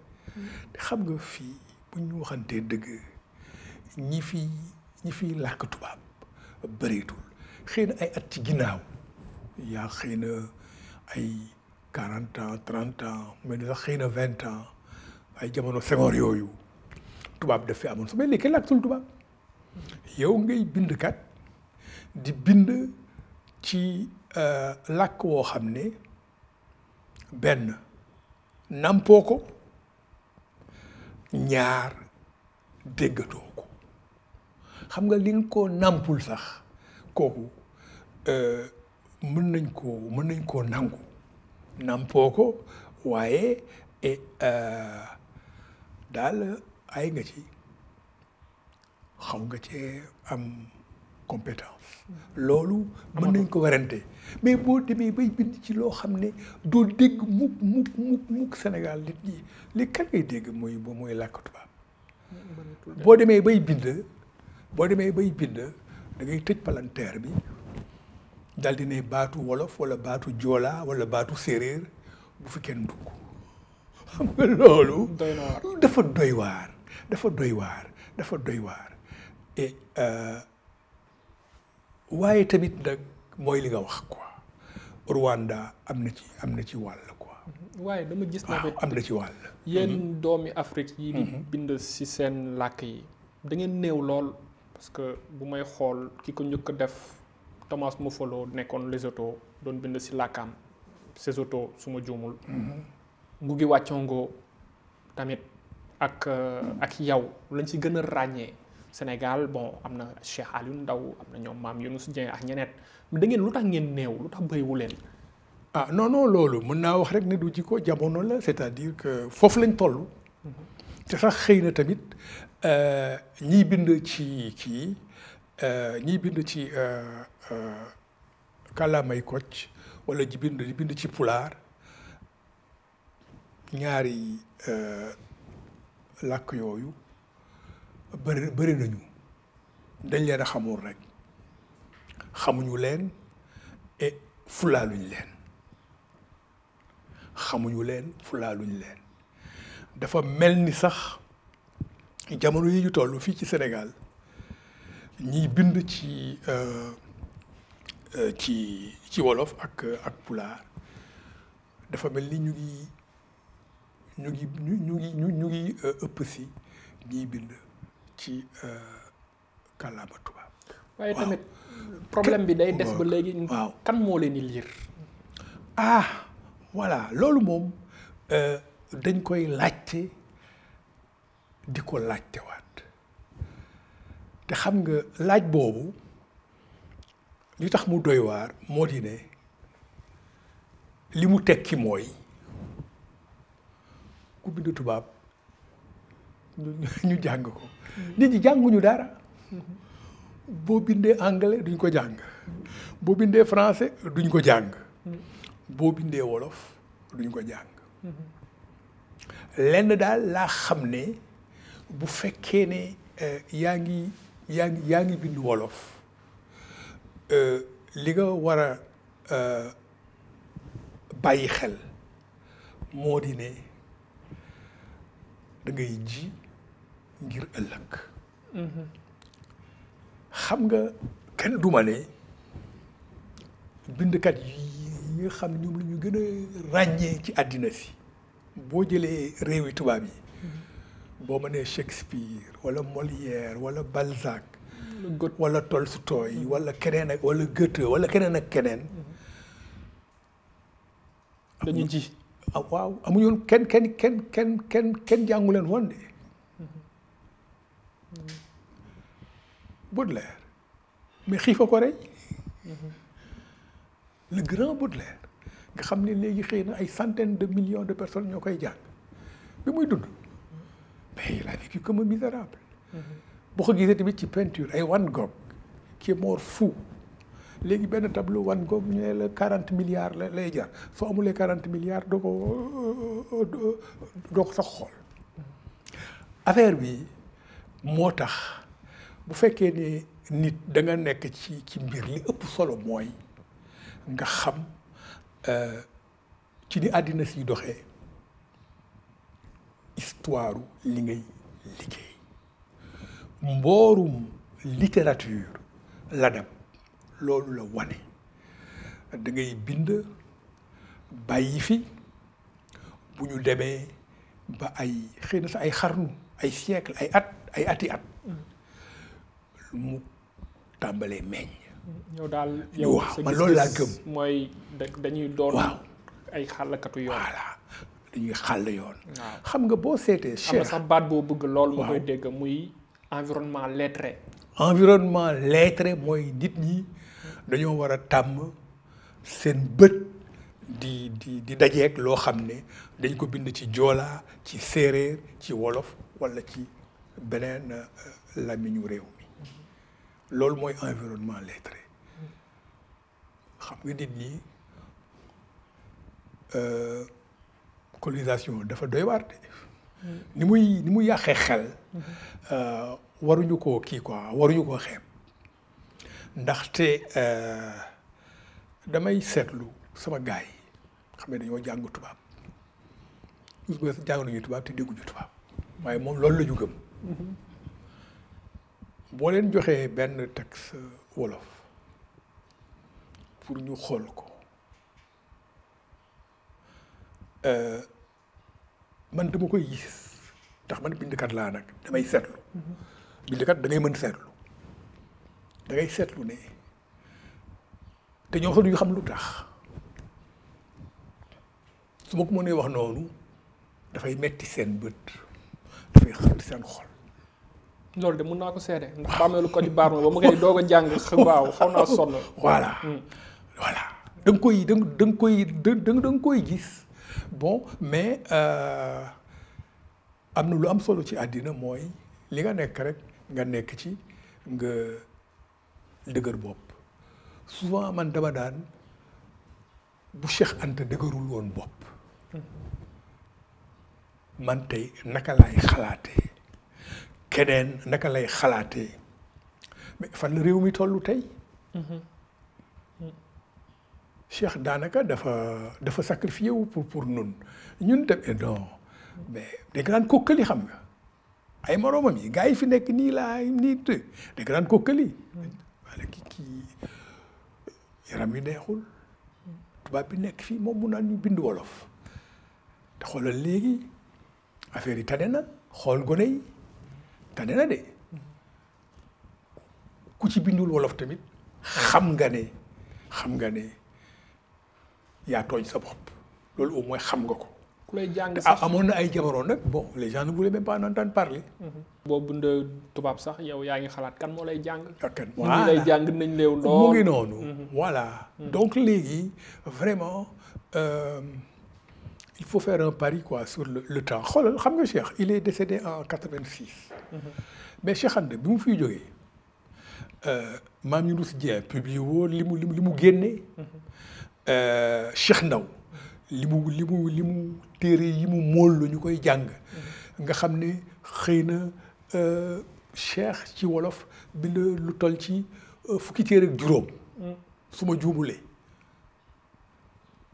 te xam nga fii bu ñu waxantee dëgg ñi fi ñi fi làkk tubaab bëreetul xëy na ay at ci ginnaaw yaa xëy na ay quarante ans trente ans mais sax xëy na vingt ans ay jamono Senghor yooyu. tubaab daf fi amoon su may léegi kenn làkkatul tubaab yow ngay bind kat di bind ci euh, lakk woo xam ne benn nampoo ko ñaar déggatoo ko xam nga li nga ko nampul sax kooku euh, mën nañ koo mën nañ koo nangu nampoo ko waaye euh, daal ay nga ci xaw nga ci am compétence mm-hmm. loolu mën nañ ko warante mais boo demee bay bind ci loo xam ne doo dégg mukk mukk mukk mukk Sénégal li kan ngay dégg mooy mooy làkk tubaab boo demee bay bind boo demee bay bind dangay tëj palanteer bi dal di ne baatu wolof wala baatu joola wala baatu séréer bu fi kenn dugg xam nga loolu dafa doy waar dafa doy waar dafa doy waar euh, waaye tamit nag mooy li nga wax ko Rwanda am na ci am na ci wàll quoi. waaye dama gis. waaw am na ci wàll. yéen mhm. doomi Afrique yi mhm. bind si seen làkk yi. dangeen néew lool parce que bu may xool ki ko njëkk def Thomas Mofolo nekkoon Lesotho doon bind si làkkaam Sesotho su ma juumul. Mhm. Ngugi Wa Thiong'o tamit. ak euh, ak yow lañ ci gën a ràññee Sénégal bon am na yu Aliou Ndao am na ñoom Mame Younouss Dieng ak ñeneen da ngeen lu tax ngeen néew lu tax bëriwu leen. ah non loolu mën naa wax rek ne du jikko jamono la c'est-à-dire que foofu lañ toll. Mhm. te sax xëy na tamit euh, ñiy bind ci kii euh, ñiy bind ci kàllaamay Kocc walla ji bind bind ci pulaar ñaari. làkk yooyu bari bëri nañu dañ leen a xamul rek xamuñu leen et fulaaluñ leen xamuñu leen fulaaluñ leen dafa mel ni sax jamono yi ñu toll fii ci Sénégal ñiy bind ci euh, euh, ci ci wolof ak ak pulaar dafa mel ni ñu ngi. ñu ngi ñu ñu ngi ñu ngi euh, ëpp si ñiy bind ci euh, kàllaama tubaab. waaye tamit problème bi day des ba léegi. waaw kan moo leen di liir. ah voilà loolu moom euh, dañ koy laajte di ko laajtewaat te xam nga laaj boobu li tax mu doy waar moo di ne li mu tekki mooy. ku bind tubaab ñu jàng ko nit ñi jànguñu dara boo bindee anglais duñ ko jàng boo bindee français duñ ko jàng boo bindee wolof duñ ko jàng lenn daal laa xam ne bu fekkee ne eh, yaa ngi yaa ngi yaa ngi bind wolof eh, li nga war a eh, bàyyi xel moo di ne da ji ngir ëllëg. Mhm. xam nga kenn duma ne bindkat yi nga xam ñoom la ñu gën a ràññee ci àddina si boo jëlee réewi tubaab yi mhm. boo ma nee Shakespeare wala Molière wala Balzac wala Tolstoy mhm. wala keneen ak wala Goethe wala keneen ak keneen dañu ji ah waaw amuñu kenn kenn kenn kenn kenn kenn jàngu leen woon de mm-hmm. Baudelaire mais xiifa ko rey le grand Baudelaire nga xam ne léegi xëy na ay centaines de millions de personnes ñoo koy jàng bi muy dund mais il a vécu comme un misérable mm-hmm. boo ko gisee tamit ci peinture ay Van Gogh qui fou léegi benn tableau wan ko ñu ne la quarante milliards la lay jar soo amulee quarante milliards doo ko doo ko sax xool affaire bi moo tax bu fekkee ne nit da nga nekk ci ci mbir li ëpp solo mooy nga xam euh, ci ni àddina si doxee histoire li ngay liggéey mboorum littérature la dem loolu la wane da ngay bind bàyyi fi bu ñu demee ba ay xëy na sax ay xarnu ay siècle ay at ay ati at mu tàmbalee meññ. ñëw daal yow waaw man loolu laa gëm. mooy dañuy doon. waaw ay xàllkatu yoon. voilà dañuy xàll xam nga boo seetee. Cheikh boo bëgg lool. ma koy muy environnement lettré. environnement lettré mooy nit ñi dañoo war a tàmm seen bët di di di dajeeg loo xam ne dañ ko bind ci joolaa ci séeréer ci wolof walla ci beneen euh, làmmiñu réew mi loolu mooy environnement lettré xam nga nit ñi euh, colonisation dafa doy waar de mm. ni muy ni muy yàqee xel mm-hmm. euh, waruñu ko kii quoi waruñu koo xeeb ndaxte euh, damay seetlu sama gaay yi xam ne dañoo jàng tubaab us bu jàng nañu tubaab te dégguñu tubaab waaye moom loolu la ñu gëm mm-hmm. boo leen joxee benn texte wolof pour ñu xool ko euh, man dama koy gis ndax man bindkat laa nag damay seetlu mm-hmm. bindkat da ngay mën seetlu da seetlu ne te ñoom xam lu tax su ma ko mënee wax noonu dafay metti seen bët dafay xëtt seen xol. loolu de mun naa ko seede ndax bàmmeelu Côte d'Ivoire ba mu koy doog a jàng waaw xaw koy hmm. da nga koy da koy gis bon mais euh, am na lu am solo ci àddina mooy li nga nekk rek nga nekk ci nga. dëgër bopp souvent man dama daan bu Cheikh ant dëgërul woon bopp man tey naka lay xalaatee keneen naka lay xalaatee mais fan réew mi tollu tey Cheikh daanaka dafa dafa sacrifié wu pour pour nun ñun dem eh non mais dañ ko daan kokkali xam nga ay moroomam yi gars yi fi nekk nii laa nii te dañ ko daan kokkali xale ki kii yaram yu neexul tubaab bi nekk fii moom mun naan ñu bind wolof te xoolal léegi affaire yi tane na xool gone yi tane na de ku ci bindul wolof tamit xam nga ne xam nga ne yaa tooñ sa bopp loolu au moins xam nga ko ku jàng ah, sax amoon na ay jamono nag bon les gens ne voulaient même pas en entendre parler. Mm-hmm. boobu nda tubaab sax yow yaa ngi xalaat kan moo lay jàng. Ah, kan ñu lay jàng nañ léew lool mu ngi noonu. Mm-hmm. voilà mm-hmm. donc léegi vraiment euh, il faut faire un pari quoi sur le, le temps xoolal xam nga Cheikh il est décédé en 86. Mmh. mais Cheikh Anta bi mu fiy jógee euh, Mame si Dieng publié woon li mu li mu génnee euh, Cheikh Ndaw. li mu li mu li mu téere yi mu mool la ñu koy jàng mm-hmm. nga xam ne xëy na euh, cheikh ci wolof bind lu tol ci euh, fukki téere ak juróom mm. su ma juumulee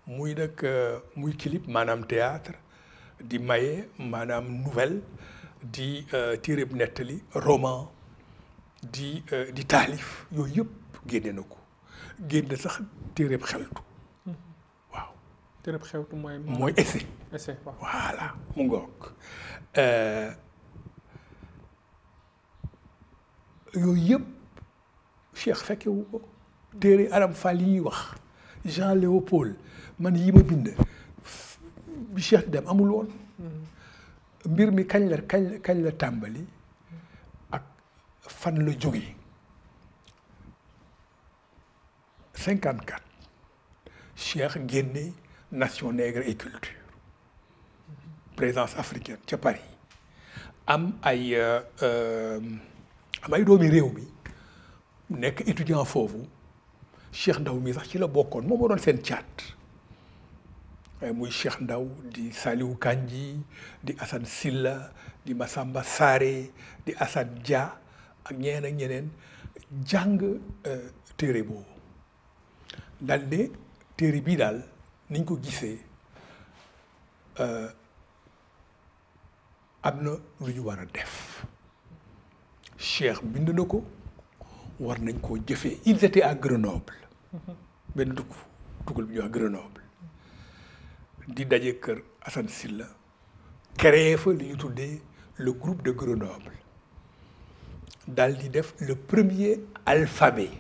muy nag euh, muy clip maanaam théâtre di maye maanaam nouvelle di téere bu nettali roman di di taalif yooyu yëpp génne na ko génne sax téere bu xeltu gën mooy. mooy essai. essai mu ngoog euh, yooyu yëpp Cheikh fekkewu ko téere Aram Fall yi ñuy Jean Léopold man yi ma bind bi Cheikh dem amul mm-hmm. mbir mi kañ la kañ la tàmbali ak fan la jógee cinquante quatre Cheikh génne. nation nègre et culture présence africaine ca Paris am ay euh, euh, am ay doomi réew mi nekk étudiant foofu Cheikh Ndaw mi sax ci la bokkoon moom moo doon seen caat muy Cheikh Ndaw di Saliou Kanji di Assane Silla di Massamba Saare di Assane Dia ak ñeneen ak ñeneen jàng euh, téere boobu daal téere bii daal niñ ko gisee euh, am na lu ñu war a def Cheikh bind na ko war nañ koo jëfee ils a à Grenoble benn dugg dugal bi ñu wax Grenoble di daje kër Assane Sylla créé fa li ñu tuddee le groupe de Grenoble daal di def le premier alphabet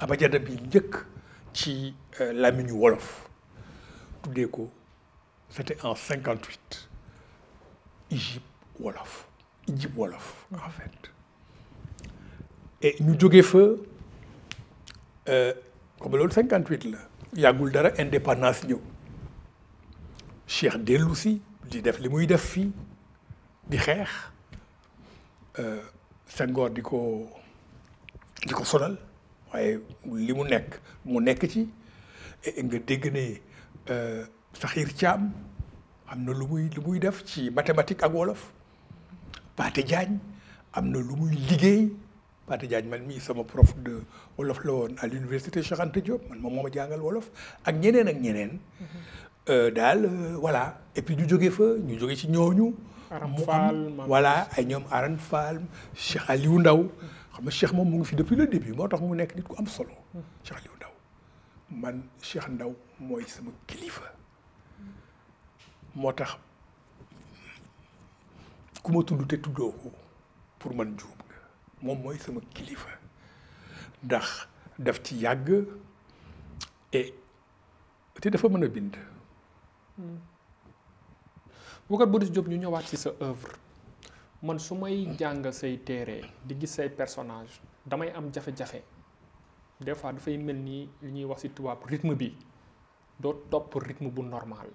abajada bi njëkk ci euh, làmmiñu wolof tuddee ko c'était en cinquante huit Ijib wolof Ijib wolof en fait et ñu jógee fa euh, comme loolu cinquante huit la yàggul dara indépendance ñëw Cheikh dellu si di def li muy def fii di xeex euh, Senghor di ko di ko sonal waaye li mu nekk mu nekk ci eh, nga dégg ne eh, Saxiir Caam am na lu muy lu muy def ci mathématique ak wolof Pathé Diagne am na lu muy liggéey Pathé Diagne man mii sama prof de wolof la woon à l'université Cheikh Anta Diop man moom moo ma jàngal wolof ak ñeneen ak ñeneen mm-hmm. eh, daal voilà et ñu jóge fa ñu jóge ci ñooñu mu am ay ñoom Aran Fall Cheikh Ndaw mm-hmm. xam nga Cheikh moom mu ngi fi depuis le début moo tax mu nekk nit ku am solo Cheikh Aliou Ndao man Cheikh Ndao mooy sama kilifa moo tax ku ma tudd te tuddoo ko pour man juum nga moom mooy sama kilifa ndax daf ci yàgg et te dafa mën a bind. Hmm. Boubacar Boris Diop ñu ñëwaat ci sa œuvre. man su may jàng say téere di gis say personnage damay am jafe-jafe des fois dafay mel nii li ñuy wax ci tubaab rythme bi doo topp rythme bu normal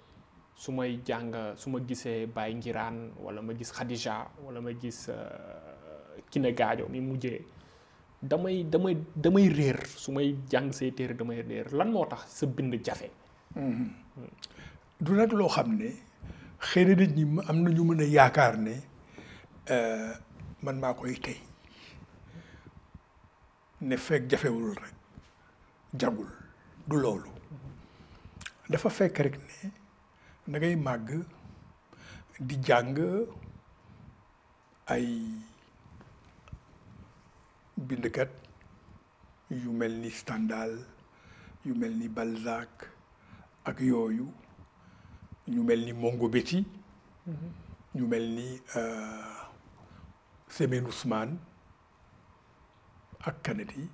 su may jàng su ma gisee Baye njiraan wala ma gis Khadija wala ma gis euh, Kiné Gaajo mi mujjee damay damay damay réer su may jàng say téere damay réer lan moo tax sa bind jafe mm-hmm. du nag loo xam ne xëy na nit ñi am na ñu mën a yaakaar ne man maa koy tey ne fekk jafewul rek jagul du loolu dafa fekk rek ne da màgg di jàng ay bindkat yu mel ni Stendhal yu mel ni Balzac ak yooyu ñu mel ni Mongo Betty mhm. ñu mel ni. Euh, Sembène Ousmane ak kanet yi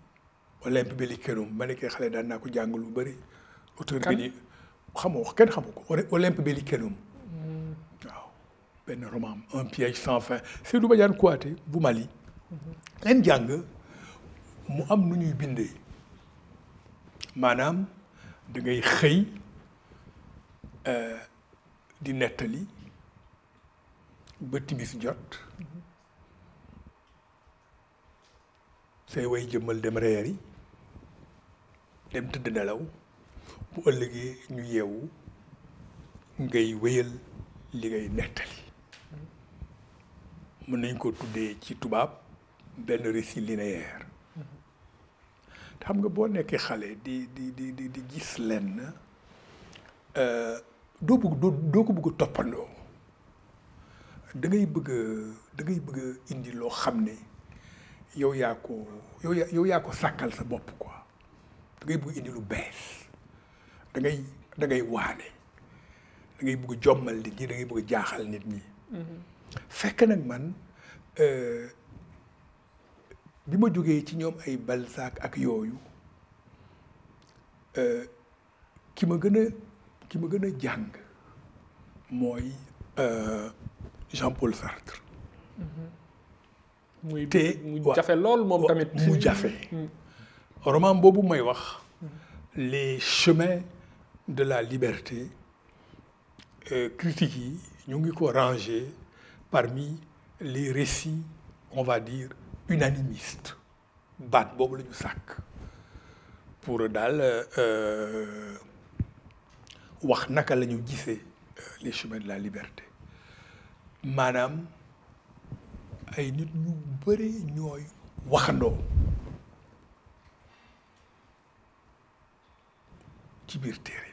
Olympe Bellikéroum ma nekkee xale daan naa ko jàng lu bëri. auteur bi ni xamoo kenn xamu ko Olympe Bellikéroum mm. waaw benn roman un piège sans fin Seydou Badiane Kouyaté bu Mali. Mm-hmm. leen jàng mu am nu ñuy bindee maanaam da xëy euh, di nettali ba timis jot. say way jëmmal dem reer yi dem tëdd nelaw bu ëllëgee ñu yeewu ngay wéyal li ngay nettali mën nañ ko tuddee ci tubaab benn récit linéaire xam nga boo nekkee xale di di di di gis lenn eh, doo bëgg doo ko bëgg toppandoo da bëgg da bëgg indi loo xam ne yow yaa ko yow yaa yow yaa ko sàkkal sa bopp quoi da ngay indi lu bees dangay ngay da ngay waane da ngay bëgg jommal nit ñi da ngay jaaxal nit ñi. Mm-hmm. fekk nag man euh, bi ma jógee ci ñoom ay Balzac ak yooyu euh, ki ma gën a ki ma gën a jàng mooy euh, Jean-Paul Sartre. Mm-hmm. te mu jafe lool moom tamit. mu mm. jafe mm. roman boobu mooy wax mm. les chemins de la liberté euh, critiques yi ñu ngi ko ranger parmi les récits on va dire unanimistes baat boobu lañu ñu pour daal euh, wax naka la ñu gisee euh, les chemins de la liberté maanaam. ay nit ñu bëri ñooy waxandoo ci biir téere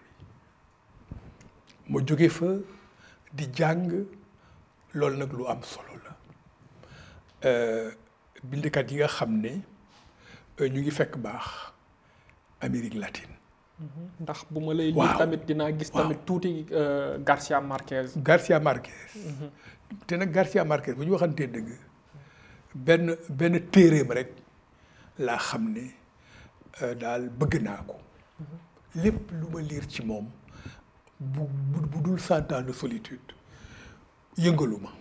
bi ma jóge fa di jàng loolu nag lu am solo la euh, bindkat yi nga xam ne euh, ñu ngi fekk baax Amérique latine. Mm-hmm. ndax bu ma lay. lii tamit dinaa gis tamit tuuti euh, Garcia Marquez. Garcia Marquez. Mm-hmm. te nag Garcia Marquez bu ñu waxantee dëgg. benn benn téeréem rek laa xam ne euh, daal bëgg naa ko lépp lu ma liir ci moom bu bu dul cent de solitude yëngalu ma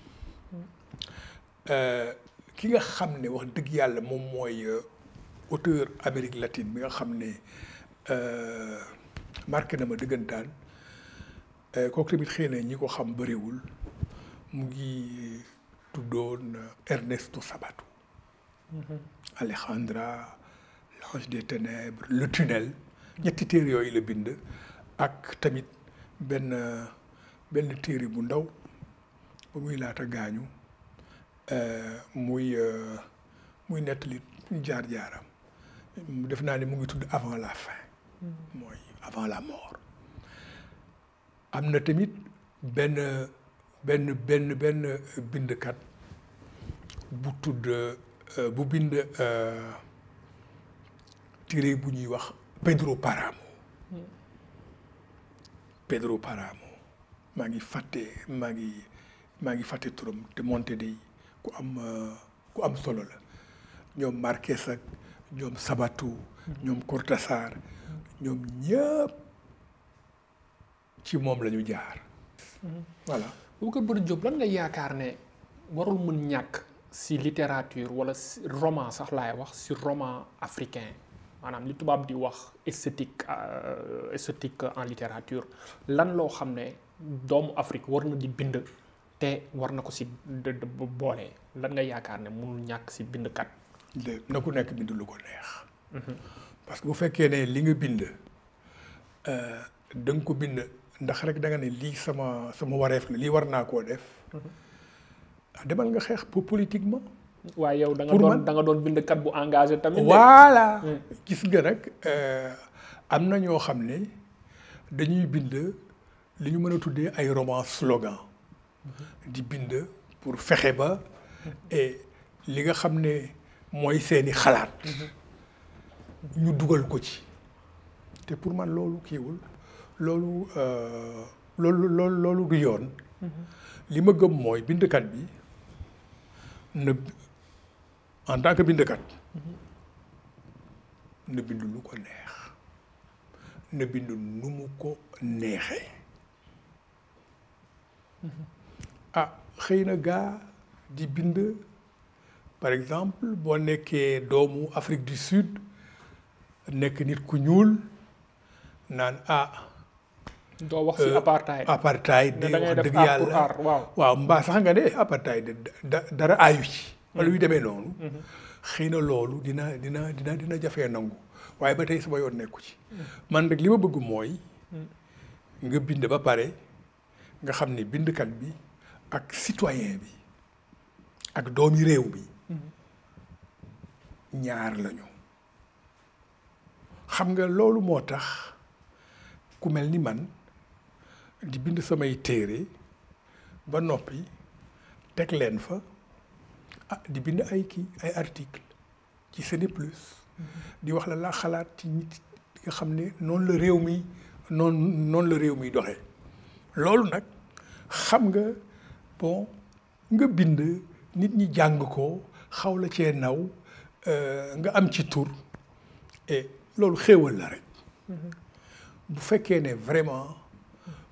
euh, ki nga xam ne wax dëgg yàlla moom mooy euh, auteur Amérique latine bi nga xam ne marqué na ma dëggantaan kook tamit xëy ñi ko xam bëriwul mu ngi. tuddoon euh, Ernesto Sabato mm-hmm. Alejandra l'ange des ténèbres le tunnel ñetti téere yooyu la bind ak tamit benn benn téere bu ndaw ba muy laata gaañu euh, muy euh, muy nettali jaar-jaaram def naa ni mu ngi tudd avant la fin mm-hmm. mooy avant la mort am na tamit benn benn benn benn bindkat bu tudd euh, bu bind euh, téere bu ñuy wax Pedro Paramo Pedro Paramo maa ngi fàtte maa ngi maa ngi fàtte turam te monte day ku am euh, ku am solo la ñoom Marquez ak ñoom Sabato ñoom Cortázar ñoom ñëpp ci moom la jaar mm-hmm. voilà Boubacar Bory Diop lan nga yaakaar ne warul mën ñàkk si littérature wala roman sax laay wax si roman africain maanaam li tubaab di wax esthétique euh, esthétique en littérature lan loo xam ne doomu Afrique war na di bind te war na ko si boole lan nga yaakaar ne mënul ñàkk si bindkat. na ku nekk bind lu ko neex. Mhm. parce que bu fekkee ne li nga bind euh, da nga ko bind. ndax rek danga ne lii sama sama wareef la lii war naa koo def mhm. demal nga xeex pour politiquement. waaye yow da nga doon da nga doon bindkat bu engagé tamit. voilà hmm. gis nga nag euh, am na ñoo xam ne dañuy bind li ñu mën a tuddee ay roman slogan mhm. di bind pour fexe ba et li nga xam ne mooy seeni xalaat mhm. ñu dugal ko ci te pour man loolu kiiwul. Euh, loolu loolu loolu du yoon. li ma gëm mooy bindkat bi na en tant que bindkat na bind lu ko neex na nu mu ko neexee ah xëy na gaa di bind par exemple boo nekkee doomu Afrique du Sud nekk nit ku ñuul naan ah. doo wax ci eh, apartheid. apartheid de wax dëgg yàlla waaw mbaa sax nga ne apartheid dara aayu ci. wala yu mm-hmm. demee noonu. Mm-hmm. xëy na loolu dina dina dina dina jafe nangu waaye ba tey sama yoon nekku ci. Mm-hmm. man nag li ma bëgg mooy. nga bind ba pare nga xam ne bindkat bi ak citoyen bi ak doomi réew bi ñaar lañu xam nga loolu moo tax ku mel ni man. di bind samay téere ba noppi teg leen fa ah di bind ay kii ay article ci Séné Plus mm-hmm. di wax la laa xalaat ci nit nga xam ne noonu la réew mi noonu noonu la réew mi doxe loolu nag xam nga bon nga bind nit ñi jàng ko xaw la cee naw euh, nga am ci tur loolu xéewal la rek mm-hmm. bu fekkee ne vraiment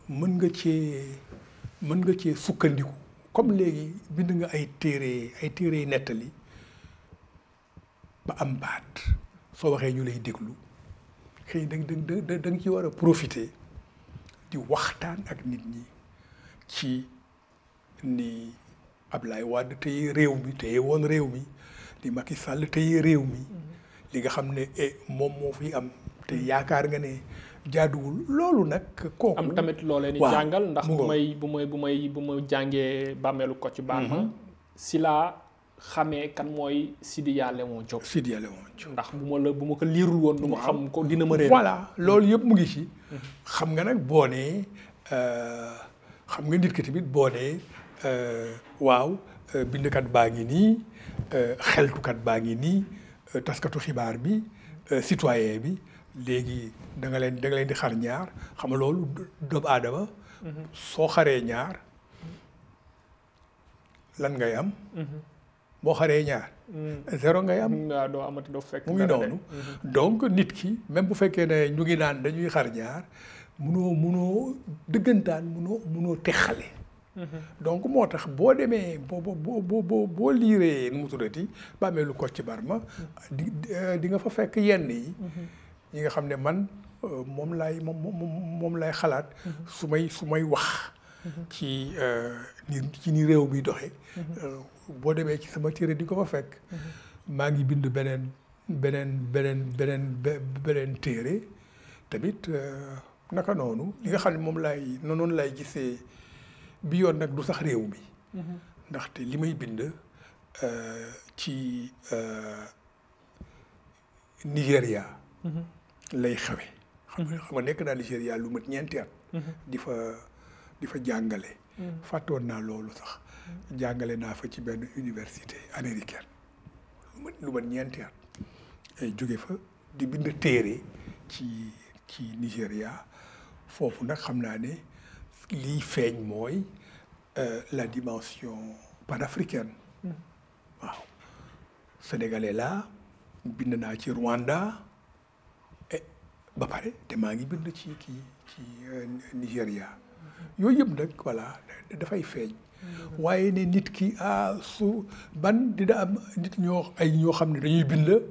mën nga cee mën nga cee sukkandiku comme léegi bind nga ay téere ay téere nettali ba am baat soo waxee ñu lay déglu xëy da da ci war a profiter di waxtaan ak nit ñi ci ni Ablaye Wade tey réew mi tey woon réew mi ni Macky Sall tey réew mi mm-hmm. li nga xam ne eh, moom moo fi am te mm-hmm. yaakaar nga ne. jaaduwul loolu nag. kooku am tamit loolee ni jàngal ndax bu may bu may bu may bu may jàngee bàmmeelu ko ci baax ma mhm. si laa xamee kan mooy Sidiya Léon Diop. Sidiya Léon Diop ndax bu ma la bu ma ko liirul woon. du ma xam ko dina ma réer. loolu yëpp mu ngi si mhm. xam nga nag boo nee euh, xam nga nit ki tamit boo nee euh, waaw euh, bindkat baa ngi nii xeltukat baa ngi nii taskatu xibaar bi citoyen bi. léegi danga leen da leen di xar ñaar xam nga loolu doomu aadama. soo xaree ñaar lan ngay am. boo xaree ñaar. zéro ngay am mm. doo amati doo fekk mu ngi noonu mm-hmm. donc nit ki même bu fekkee ne ñu ngi naan dañuy xar ñaar munoo munoo dëggantaan munoo munoo texale. Mm-hmm. donc moo tax boo demee boo boo boo boo liiree nu mu tuddati bàmmeelu Kocc Barma mm. di di nga fa fekk yenn yi. Mm-hmm. yi nga xam ne man euh, moom lay moom moom laay xalaat mhm. su may su may wax mhm. ci euh, ni ci ni réew bi doxee mhm. euh, boo demee ci sama téere di ko fa fekk maa ngi bind beneen beneen beneen beneen beneen téere tamit naka noonu li nga xam ne moom lay noonu laay gisee bi yoon nag du sax réew mi ndaxte li may bind ci Nigéria lay xewe xam nga nekk naa Nigéria lu mat ñeenti at mm-hmm. di fa di fa jàngale mm-hmm. fàttoon naa loolu sax mm-hmm. jàngale naa fa ci benn université américaine lu mat lu mat eh, jóge fa di bind téere ci ci Nigéria foofu nag xam naa ne liy feeñ mooy euh, la dimension panafricaine waaw sénégalais laa bind naa ci Rwanda ba pare te maa ngi bind ci ci ci euh, Nigéria yooyu yëpp nag voilà dafay feeñ. waaye ne nit ki ah su ban dina am nit ñoo xam ne dañuy bind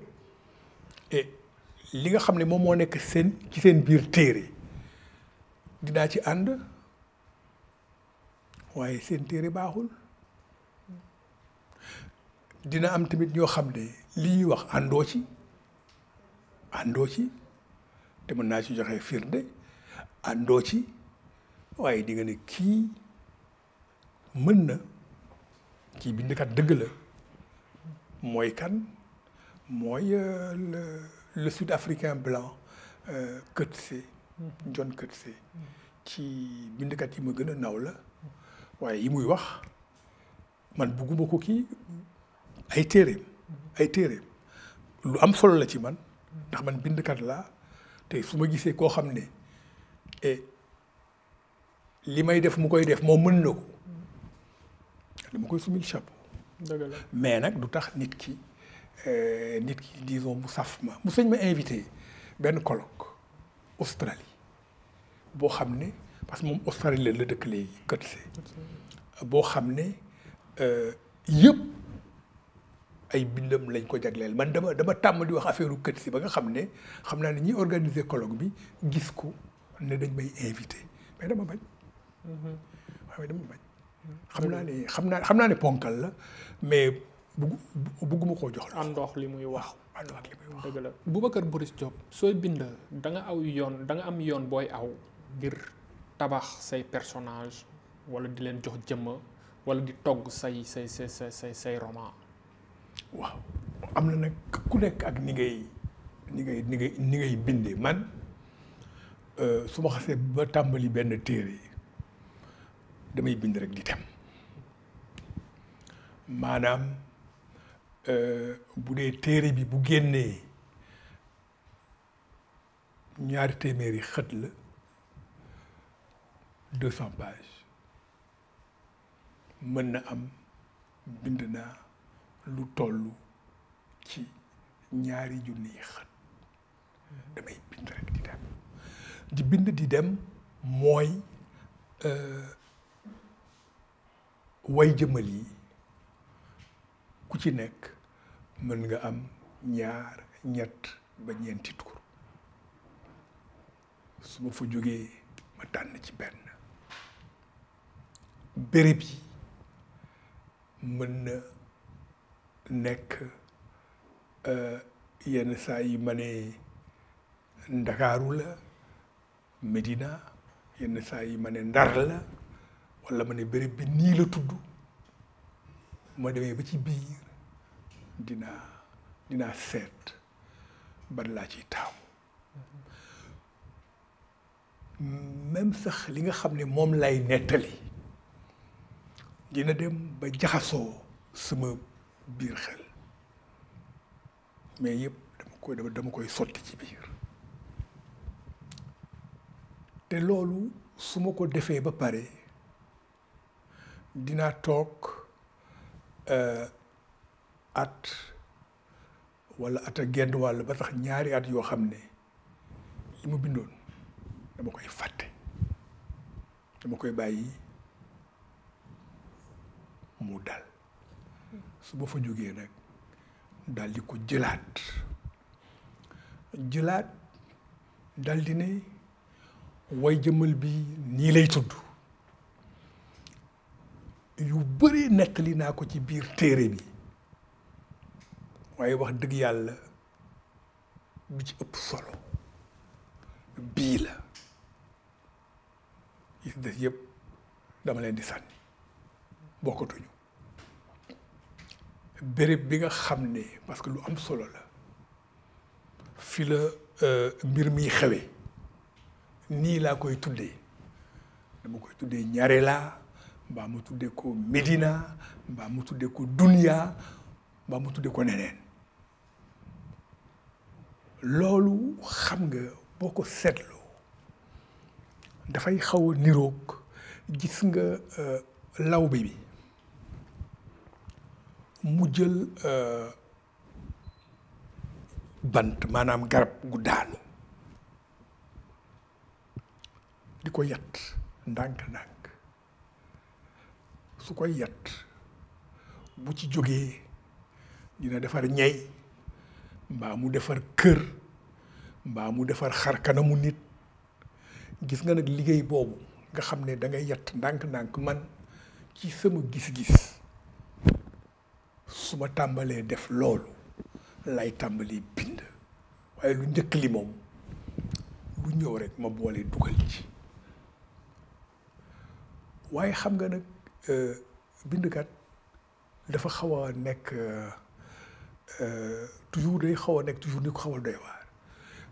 et li nga xam ne moom moo nekk seen ci seen biir téere dinaa ci ànd waaye seen téere baaxul dina am tamit ñoo xam ne li ñuy wax àndoo ci àndoo ci. te mën naa ci joxe firnde àndoo ci waaye dinga ne kii mën na kii bindkat dëgg la mooy kan mooy euh, le le sud africain blanc euh, Coetzee mm-hmm. John Coetzee ci bindkat yi ma gën a naw la waaye yi muy wax man bugguma ko kii ay téeréem mm-hmm. ay téeréem lu am solo la ci man ndax man bindkat laa te su ma gisee koo xam ne eh, li may def mu koy def moom mën na ko dama koy sumil chapeau. mais nag du tax nit ki eh, nit ki disons bu saf ma mu sëñ ma invité benn colloque Australie boo xam ne parce que moom Australie la dëkk léegi kët see boo xam ne eh, yëpp. ay bindam lañ ko jagleel man dama dama tàmm di wax affaire kët si ba nga xam ne xam naa ne ñi organiser colloque bi gis ko ne dañ may invité mais dama bañ. waaw mm-hmm. dama bañ. Mm-hmm. xam naa ne xam naa xam naa ne ponkal la mais bugg koo jox. àndoox li muy wax. àndoox li muy wax dëgg la Boubacar sooy bind danga aw yoon da nga am yoon booy aw ngir tabax say personnage wala di leen jox jëmma wala di togg say say say say say roman. waaw am na nag ku nekk ak ni ngay ni ngay ni ngay ni ngay bindee man euh, su ma xasee ba tàmbali benn téere damay bind rek di dem maanaam euh, bu dee téere bi bu génnee ñaari téeméeri xët la deux cents pages mën na am bind naa lu toll ci ñaari junni yi xët damay bind rek di dem di bind di dem mooy euh, way jëmal yi ku ci nekk mën nga am ñaar ñett ba ñeenti tur su ma fa jógee ma tànn ci benn béréb yi mën na nekk euh, yenn saa yi ma ne Ndakaaru la Medina yenn saa yi ma ne Ndar la walla ma ne béréb bi nii la tudd ma demee ba ci biir dinaa dinaa seet ban laa ciy taamu même sax li nga xam ne moom lay nettali dina dem ba jaxasoo sama biir xel mais yëpp dama koy dama koy sotti ci biir te loolu su ma ko defee ba pare dinaa toog euh, at walla at a genn wàll ba tax ñaari at yoo xam ne li mu bindoon dama koy fàtte dama koy bàyyi mu dal su ma fa jógee nag daal di ko jëlaat jëlaat daal di ne way jëmmal bi nii lay tudd yu bëri nettali naa ko ci biir téere bi waaye wax dëgg yàlla bi ci ëpp solo bii la yi def yëpp dama leen di sànni bokkatuñu béréb bi nga xam ne parce que lu am solo la fi la euh, mbir mi xewe nii laa koy tuddee dama koy tuddee ñaarela mbaa mu tuddee ko Médina mbaa mu tuddee ko Dunia mbaa mu tuddee ko neneen loolu xam nga boo ko seetloo dafay xaw a niroog gis nga euh, lawbe bi mu jël euh, bant maanaam garab gu daanu di ko yat ndànk-ndànk su koy yat bu ci jógee dina defar ñey mbaa mu defar kër mbaa mu defar xar kanamu nit gis nga nag liggéey boobu nga xam ne da ngay yat ndànk-ndànk man ci sama gis-gis su ma tàmbalee def loolu lay tàmbali bind waaye lu njëkk li moom lu ñëw rek ma boole dugal ci waaye xam nga nag euh, bindkat dafa xaw a nekk euh, toujours day xaw a nekk toujours ni ko xaw a doy waar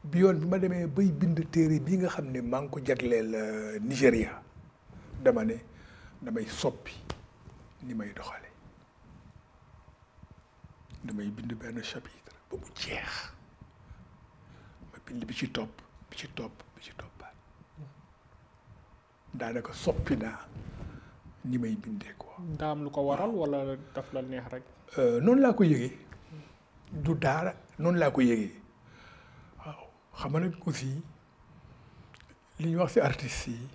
bi yoon bi ma demee bay bind téere bii nga xam ne maa ngi ko jagleel euh, Nigéria dama ne damay soppi ni may doxal damay bind benn chapitre ba mu jeex bi ci topp bi ci topp bi ci toppaat daanaka soppi naa ni may bindee ko waral wala neex rek. Euh, noonu laa ko yëgee du daara noonu laa ko yëgee waaw xam nga nag aussi li ñu wax ci artistes yi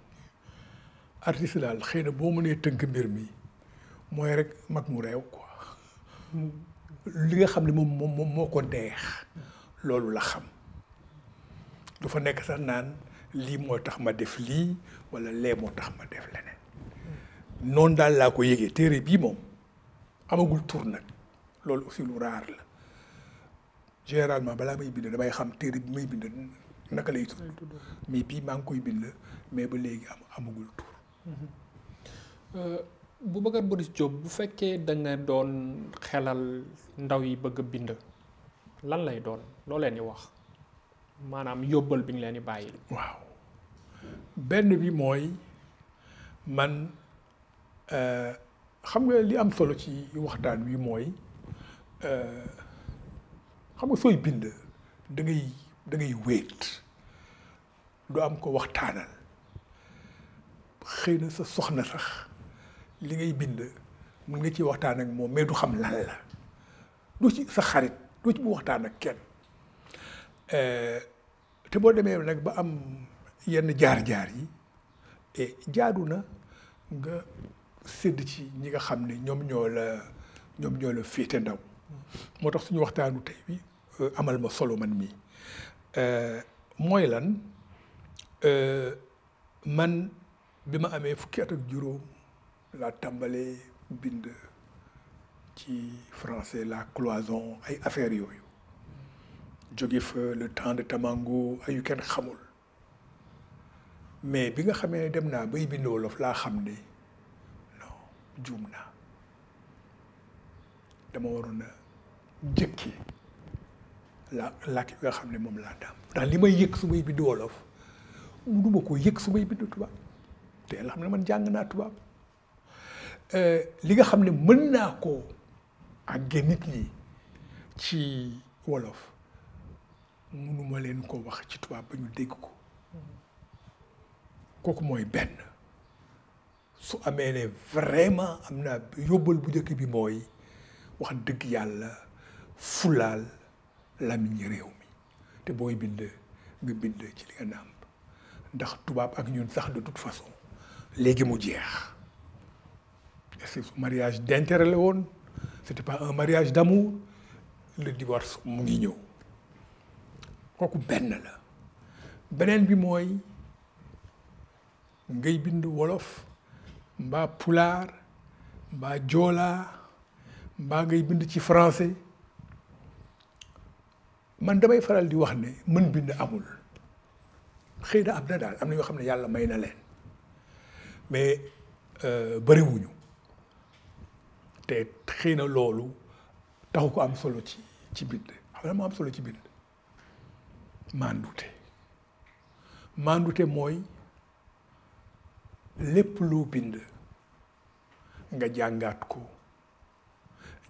artiste daal xëy na boo mënee tënk mbir mi mooy rek mag mu réew ko li nga xam ne moom moom moo ko neex loolu la xam du fa nekk sax naan lii moo tax ma def lii walla lee moo tax ma def leneen noonu daal laa ko yëgee téere bii moom amagul tur nag loolu aussi lu raar la généralement balaa may bind damay xam téere bi may bind naka lay tudd mais bii maa ngi koy bind mais ba léegi am amagul tur mm-hmm. euh, bu Boubacar Boris Diop bu fekkee da nga doon xelal ndaw yi bëgg a bind lan lay doon loo leen di wax maanaam yóbbal bi ñu leen di bàyyi. waaw benn bi mooy man euh, xam nga li am solo ci waxtaan wi mooy euh, xam nga sooy bind da ngay da ngay du am ko waxtaanal xëy na sa soxna sax. li ngay bind mun nga ci waxtaan ak moom mais du xam lan la du ci sa xarit du ci bu waxtaan ak kenn eh, te boo demee nag ba am yenn jaar-jaar yi et eh, na nga sedd ci ñi nga xam ne ñoom ñoo la ñoom ñoo la féete ndaw moo tax suñu waxtaanu tey bi eh, amal ma solo man mii mooy lan man bi ma amee fukki at ak juróom laa tàmbalee bind ci français la cloison ay affaires yooyu jóge fa le temps de Tamango ayu kenn xamul mais bi nga xamee dem naa bay bind wolof laa xam ne non juum naa dama waroon a jëkki la làkk bi nga xam ne moom laa daam ndax li may yëg su may bind wolof mënuma ko yëg su may bind tubaab te yàlla xam ne man jàng naa tubaab Euh, li nga xam ne mën naa ko ak nit ñi ci wolof mënuma leen ko wax ci tubaab ba ñu dégg ko kooku mooy benn su amee ne vraiment am naa yóbbal bu njëkk bi mooy wax dëgg yàlla fulaal làmmiñ réew mi te booy bind nga bind ci li nga nàmp ndax tubaab ak ñun sax de toute façon léegi mu jeex est su mariage d'intérêt woon c'était pas un mariage d'amour le divorce mu ngi ñëw kooku benn la beneen bi mooy ngay bind wolof mbaa pulaar mbaa joolaa mbaa ngay bind ci français man damay faral di wax ne mën bind amul xëy na am na daal am na ñoo xam ne yàlla may na leen mais euh, bariwuñu te xëy na loolu taxu ko am solo ci ci bind xam nga moo am solo ci bind mandute mandute mooy lépp lu bind nga jàngaat ko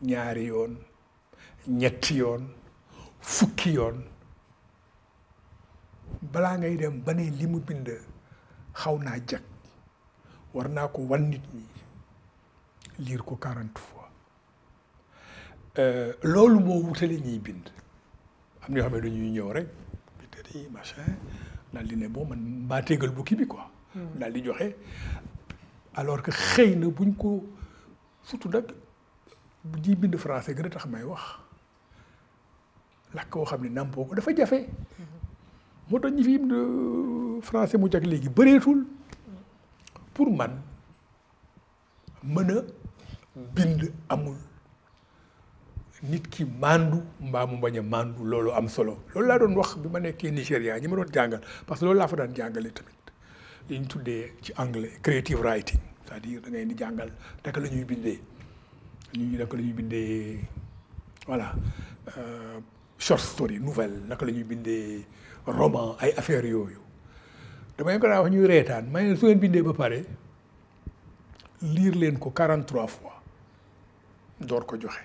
ñaari yoon ñetti yoon fukki yoon balaa ngay dem ba ne li mu bind xaw naa jag war naa ko wan nit ñi liir ko quarante fois euh, loolu moo wutale ñuy bind am na yoo xam ne dañuy ñëw rek bitari machin daal di ne boo man mbaa tégal bu kii bi quoi hmm. daal di joxe alors que xëy na buñ ko surtout nag bu ñuy bind français gën a tax may wax làkk koo xam ne nàmpoo ko dafa jafe hmm. moo tax ñi fi bind euh, français mu jag léegi bëreetul hmm. pour man mën bind amul nit ki mandu mbaa mu bañ a mandu loolu am solo loolu laa doon wax bi ma nekkee Nigéria ñi ma doon jàngal parce que loolu laa fa daan jàngale tamit li ñu tuddee ci anglais creative writing c'est-à-dire da di jàngal naka la ñuy bindee ñu naka la ñuy bindee voilà euh, short story nouvelle naka lañuy bindee roman ay affaires yooyu damay ko daa wax ñuy reetaan may ne su ngeen bindee ba pare liir leen ko 43 fois door ko joxe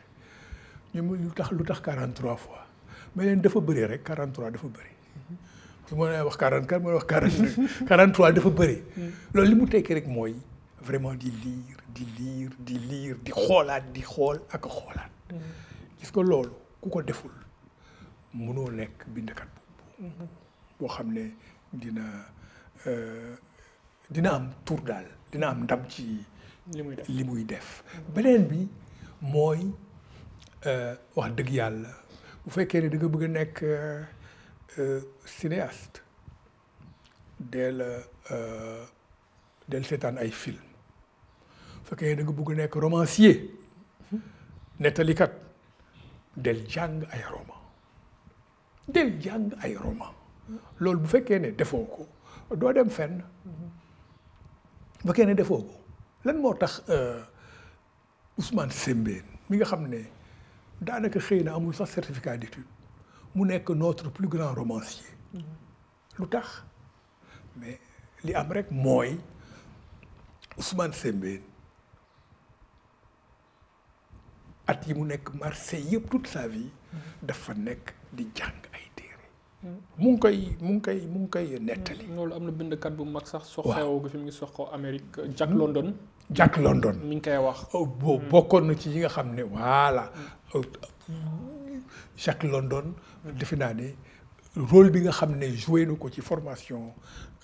ñu mu lu tax lu tax 43 fois mais leen dafa bëri rek 43 dafa bëri su ma nee wax 44 ma wax 42 43 dafa bëri loolu li mu tekki rek mooy vraiment di lire di lire di liir di xoolaat di xool ak xoolaat gis ko loolu ku ko deful mënoo nekk bindkat boobu boo xam ne dina euh, dina am tur daal dina am ndam ci li muy def beneen bi mooy euh, wax dëgg yàlla bu fekkee ne da nga bëgg nekk euh, cinéaste del euh, del seetaan ay film bu fekkee ne da nga bëgg nekk romancier nettalikat del jàng ay roman del jàng ay roman loolu bu fekkee ne defoo ko doo dem fenn bu fekkee ne defoo ko lan moo tax Ousmane Sembène mi nga xam ne daanaka xëy na amul sax certificat d'étude mu nekk notre plus grand romancier. Mm-hmm. lu tax mais li am rek mooy Ousmane Sembène at yi mu nekk Marseille yëpp tout sa vie mm-hmm. dafa nekk di jàng ay téere mm-hmm. mu ngi koy mu ngi koy mu ngi koy nettali. loolu am na bindkat bu mag sax. waaw soxeewoo gi fi mu ngi soxoo Amérique Jack London. Jack London. mi ngi koy wax. Oh, boo mm. bokkoon na ci yi nga xam ne voilà. Jack London. Mm. defe naa ne rôle bi nga xam ne joué na ko ci formation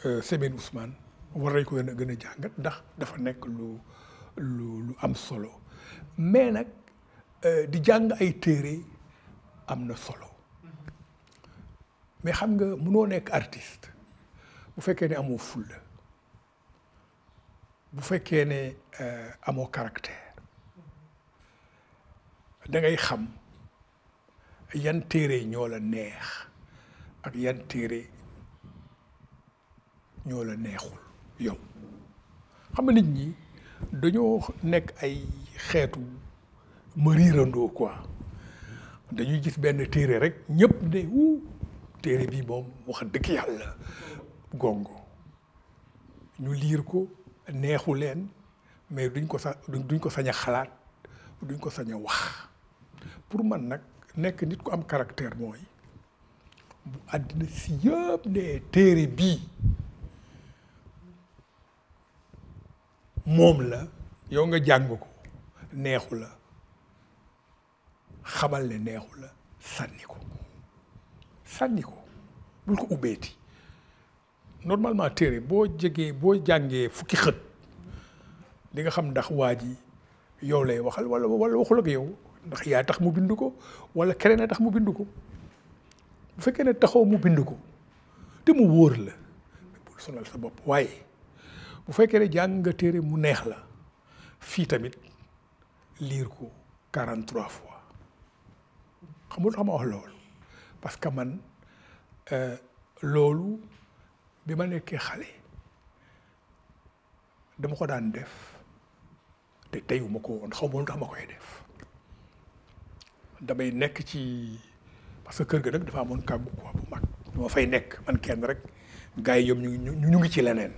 euh, Sembène Ousmane war nañ ko gën a gën a jàngat ndax dafa nekk lu lu lu am solo mais nag euh, di jàng ay téere am na solo mm-hmm. mais xam nga munoo nekk artiste bu fekkee ne amoo fulla bu fekkee ne euh, amoo caractère dangay xam yan téere ñoo la neex ak yan téere ñoo la neexul yow xam nga nit ñi dañoo nekk ay xeetu ma riirandoo ko dañuy gis benn téere rek ñépp ne wu téere bii moom wax dëgg yàlla gongo ñu liir ko neexu leen mais duñ ko sa duñ ko sañ xalaat duñ ko saña wax pour man nag nekk nit ko am caractère mooy bu àddina si yëpp ne téere bii moom la yow nga jàng ko neexu la xamal ne neexu la sànni ko sànni ko bul ko ubbeeti normalement téere boo jegee boo jàngee fukki xët li nga xam ndax waa ji yow lay waxal wala wala waxul yow ndax yaa tax mu bind ko wala keneen a tax mu bind ko bu fekkee ne taxaw mu bind ko te mu wóor la sonal sa bopp waaye bu fekkee ne jàng nga téere mu neex la fii tamit liir ko 43 fois xamul tax ma wax loolu parce que man euh, loolu. bi ma nekkee xale dama ko daan def te teyuma ko woon xaw ma koy def damay nekk ci parce que kër ga nag dafa amoon kàggu quoi bu mag dama fay nekk man kenn rek gars yi ñoom ñu ngi ñu ngi ci leneen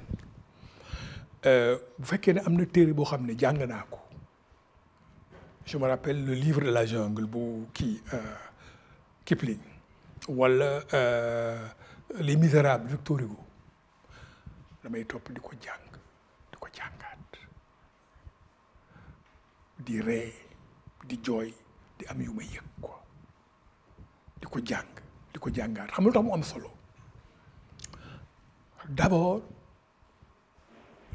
euh, bu fekkee ne am na téere boo xam ne jàng naa ko je me rappelle le livre de la jungle bu kii euh, Kipling wala euh, Les Misérables Victor Hugo damay topp di ko jàng di ko jàngaat di ree di jooy di am yu ma yëg ko di ko jàng di ko jàngaat xam lu tax mu am solo d'abord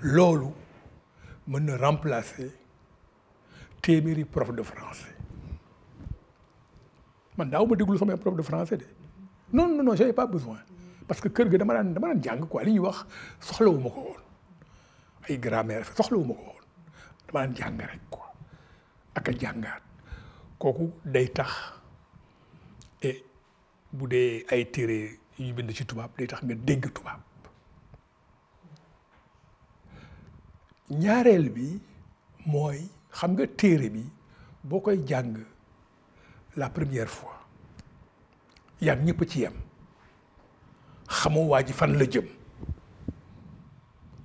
loolu mën na remplacer téeméeri prof de francais man daaw ma déglu samay prof de français de non non non j'avais pas besoin parce que kër ga dama daan dama daan jàng quoi li ñuy wax soxlawu ma ko woon ay grammaire soxlawu ma ko woon dama daan jàng rek quoi ak a jàngaat kooku day tax et bu dee ay téere yu bind ci tubaab day tax nga dégg tubaab ñaareel bi mooy xam nga téere bi boo koy jàng la première fois yaa ñëpp ci yem xamoo waa ji fan la jëm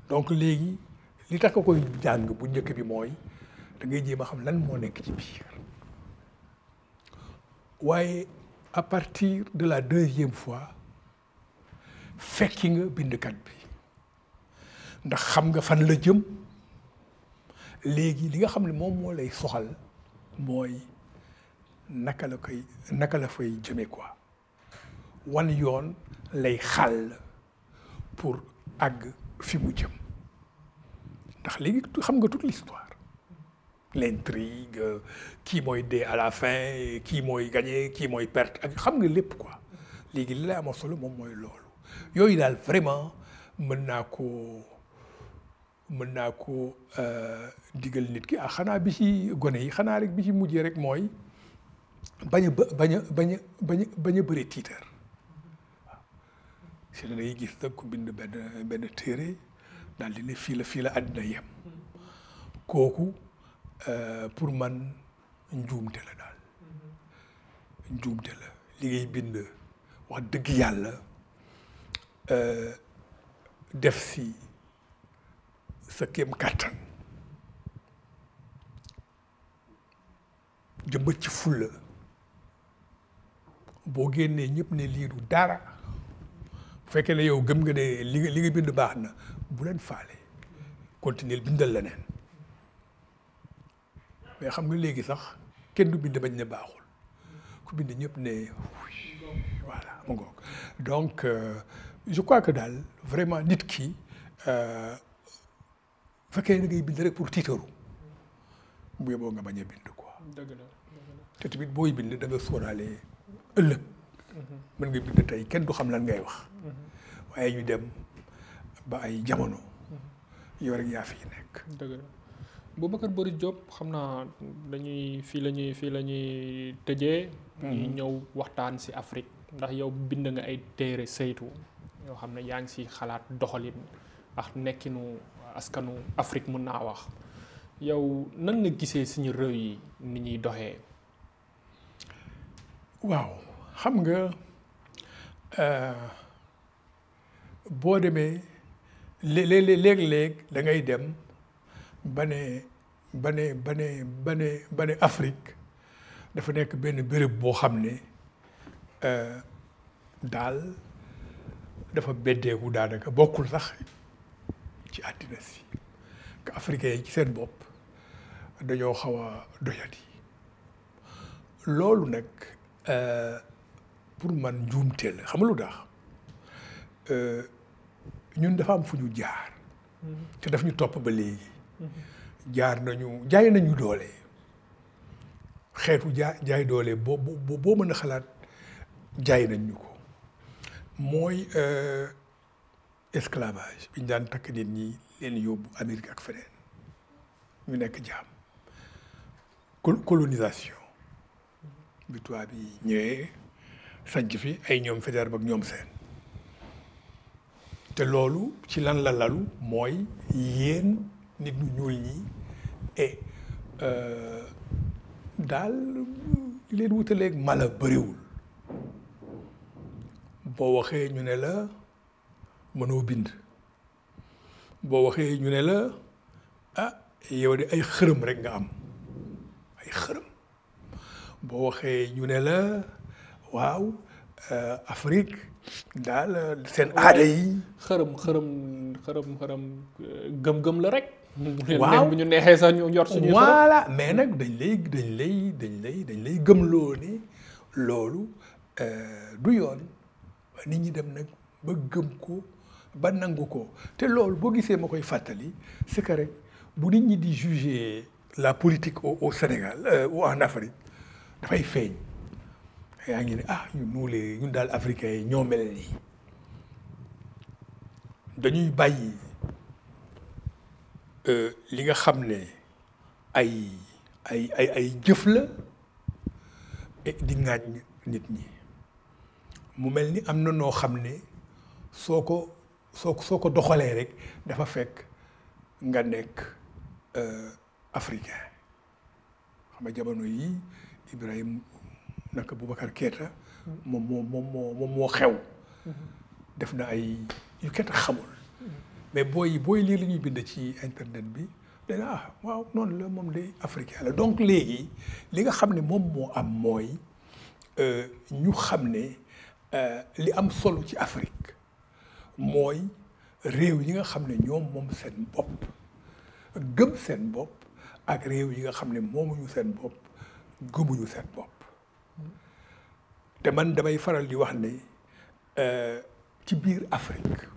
donc léegi li tax koy jàng bu njëkk bi mooy da ngay jéem a xam lan moo nekk ci biir waaye à partir de la deuxième fois fekki nga bindkat bi ndax xam nga fan la jëm léegi li nga xam ne moom moo lay soxal mooy naka la koy naka la fay jëme quoi wan yoon lay xàll pour àgg fi mu jëm ndax léegi xam nga toute l'histoire l'intrigue kii mooy dee à la fin kii mooy gagné kii mooy perte ak xam nga lépp quoi léegi li lay amoon solo moom mooy loolu yooyu daal vraiment mën naa ko mën naa ko euh, digal nit ki ah xanaa bi ci gone yi xanaa rek bi ci mujjee rek mooy bañ a ba bañ a bañ a bëri tiitar si ne day gis nag ku bind benn téere daal di fii la fii la àddina yem kooku euh, pour man njuumte la daal njuumte la li ngay bind wax dëgg yàlla euh, def si sa kéem kàttan jëmbat ci fulla boo génnee ñëpp ne lii du dara fekkee la yow gëm nga dee li nga li nga bind baax na bu leen faale continuer bindal leneen mais xam nga léegi sax kenn du bind bañ ne baaxul ku bind ñëpp ne voilà mu ngoog donc euh, je crois que daal vraiment nit ki euh, fekkee da ngay bind rek pour tiitaru bu yeboo nga bañ a bind quoi. dëgg la te tamit booy bind da nga ëllëg. Mhm. mën nga bind tey kenn du xam lan ngay wax. Mhm. waaye ñu dem ba ay jamono mm-hmm. yow rek yaa fi nekk. dëgg la Boubacar Boris xam naa dañuy fii lañuy ñuy fii la tëjee. Mm-hmm. ñuy ñëw waxtaan si Afrique ndax yow bind nga ay téere saytu yoo xam ne yaa ngi ci xalaat doxalin ak nekkinu askanu Afrique mun naa wax yow nan nga gisee suñu réew yi ni ñuy doxee. waaw xam nga. Euh, boo demee léeg léeg da ngay dem ba ne ba ne ba ne ba ne ba ne Afrique dafa nekk benn béréb boo xam ne euh, daal dafa beddeeku daanaka bokkul sax ci àddina si que africains yi ci seen bopp dañoo xaw a doyati loolu nag euh, pour man njuumte la xam lu ñun dafa am fu ñu jaar mm-hmm. te daf ñu topp ba léegi mm-hmm. jaar nañu jaay nañu doole xeetu jaa jaay doole boo boo boo mën a xalaat jaay nañ ñu ko mooy euh, esclavage bi ñu daan takk nit ñi leen yóbbu Amérique ak feneen ñu nekk jaam colonisation mm-hmm. bi tubaab bi ñëwee sanc fi ay ñoom Faidherbe ba ñoom seen te loolu ci lan la lalu mooy yéen nit ñu ñuul ñi euh, daal leen wutaleeg mala bëriwul boo waxee ñu ne la mënoo bind boo waxee ñu ne la ah yow de ay xërëm rekk nga am ay xërëm boo waxee ñu ne la waaw euh, Afrique daal seen aada yi. xërëm xërëm xërëm xërëm gëm-gëm la rek. waaw bu ñu neexee sax ñu yor suñu. voilà mais nag dañ lay dañ lay dañ lay dañ lay gëmloo ne loolu euh, du yoon nit ñi dem nag ba gëm ko ba nangu ko te loolu boo gisee ma koy fàttali c'est rek bu nit ñi di juger la politique au Sénégal euh, ou en Afrique dafay feeñ. yaa ngi ne ah ñu nuulee ñun daal africain yi ñoo mel nii dañuy bàyyi euh, li nga xam ne ay ay ay ay jëf la di ŋaaj nit ñi mu mel ni am na noo xam ne soo ko soo soo ko doxalee rek dafa fekk nga nekk euh, africain xam nga jamono yi Ibrahim naka Boubacar Keita moom moo moom moo moo xew def na ay yu Keita mais booy booy lii la ñuy bind ci internet bi ah, waaw noonu la moom day africain la donc léegi li nga xam ne moom moo am mooy euh, ñu xam ne euh, li am solo ci Afrique mooy réew yi nga xam ne ñoom moom seen bopp gëm seen bopp ak réew yi nga xam ne moomuñu seen bopp gëmuñu seen bopp te man damay faral di wax ne euh, ci biir Afrique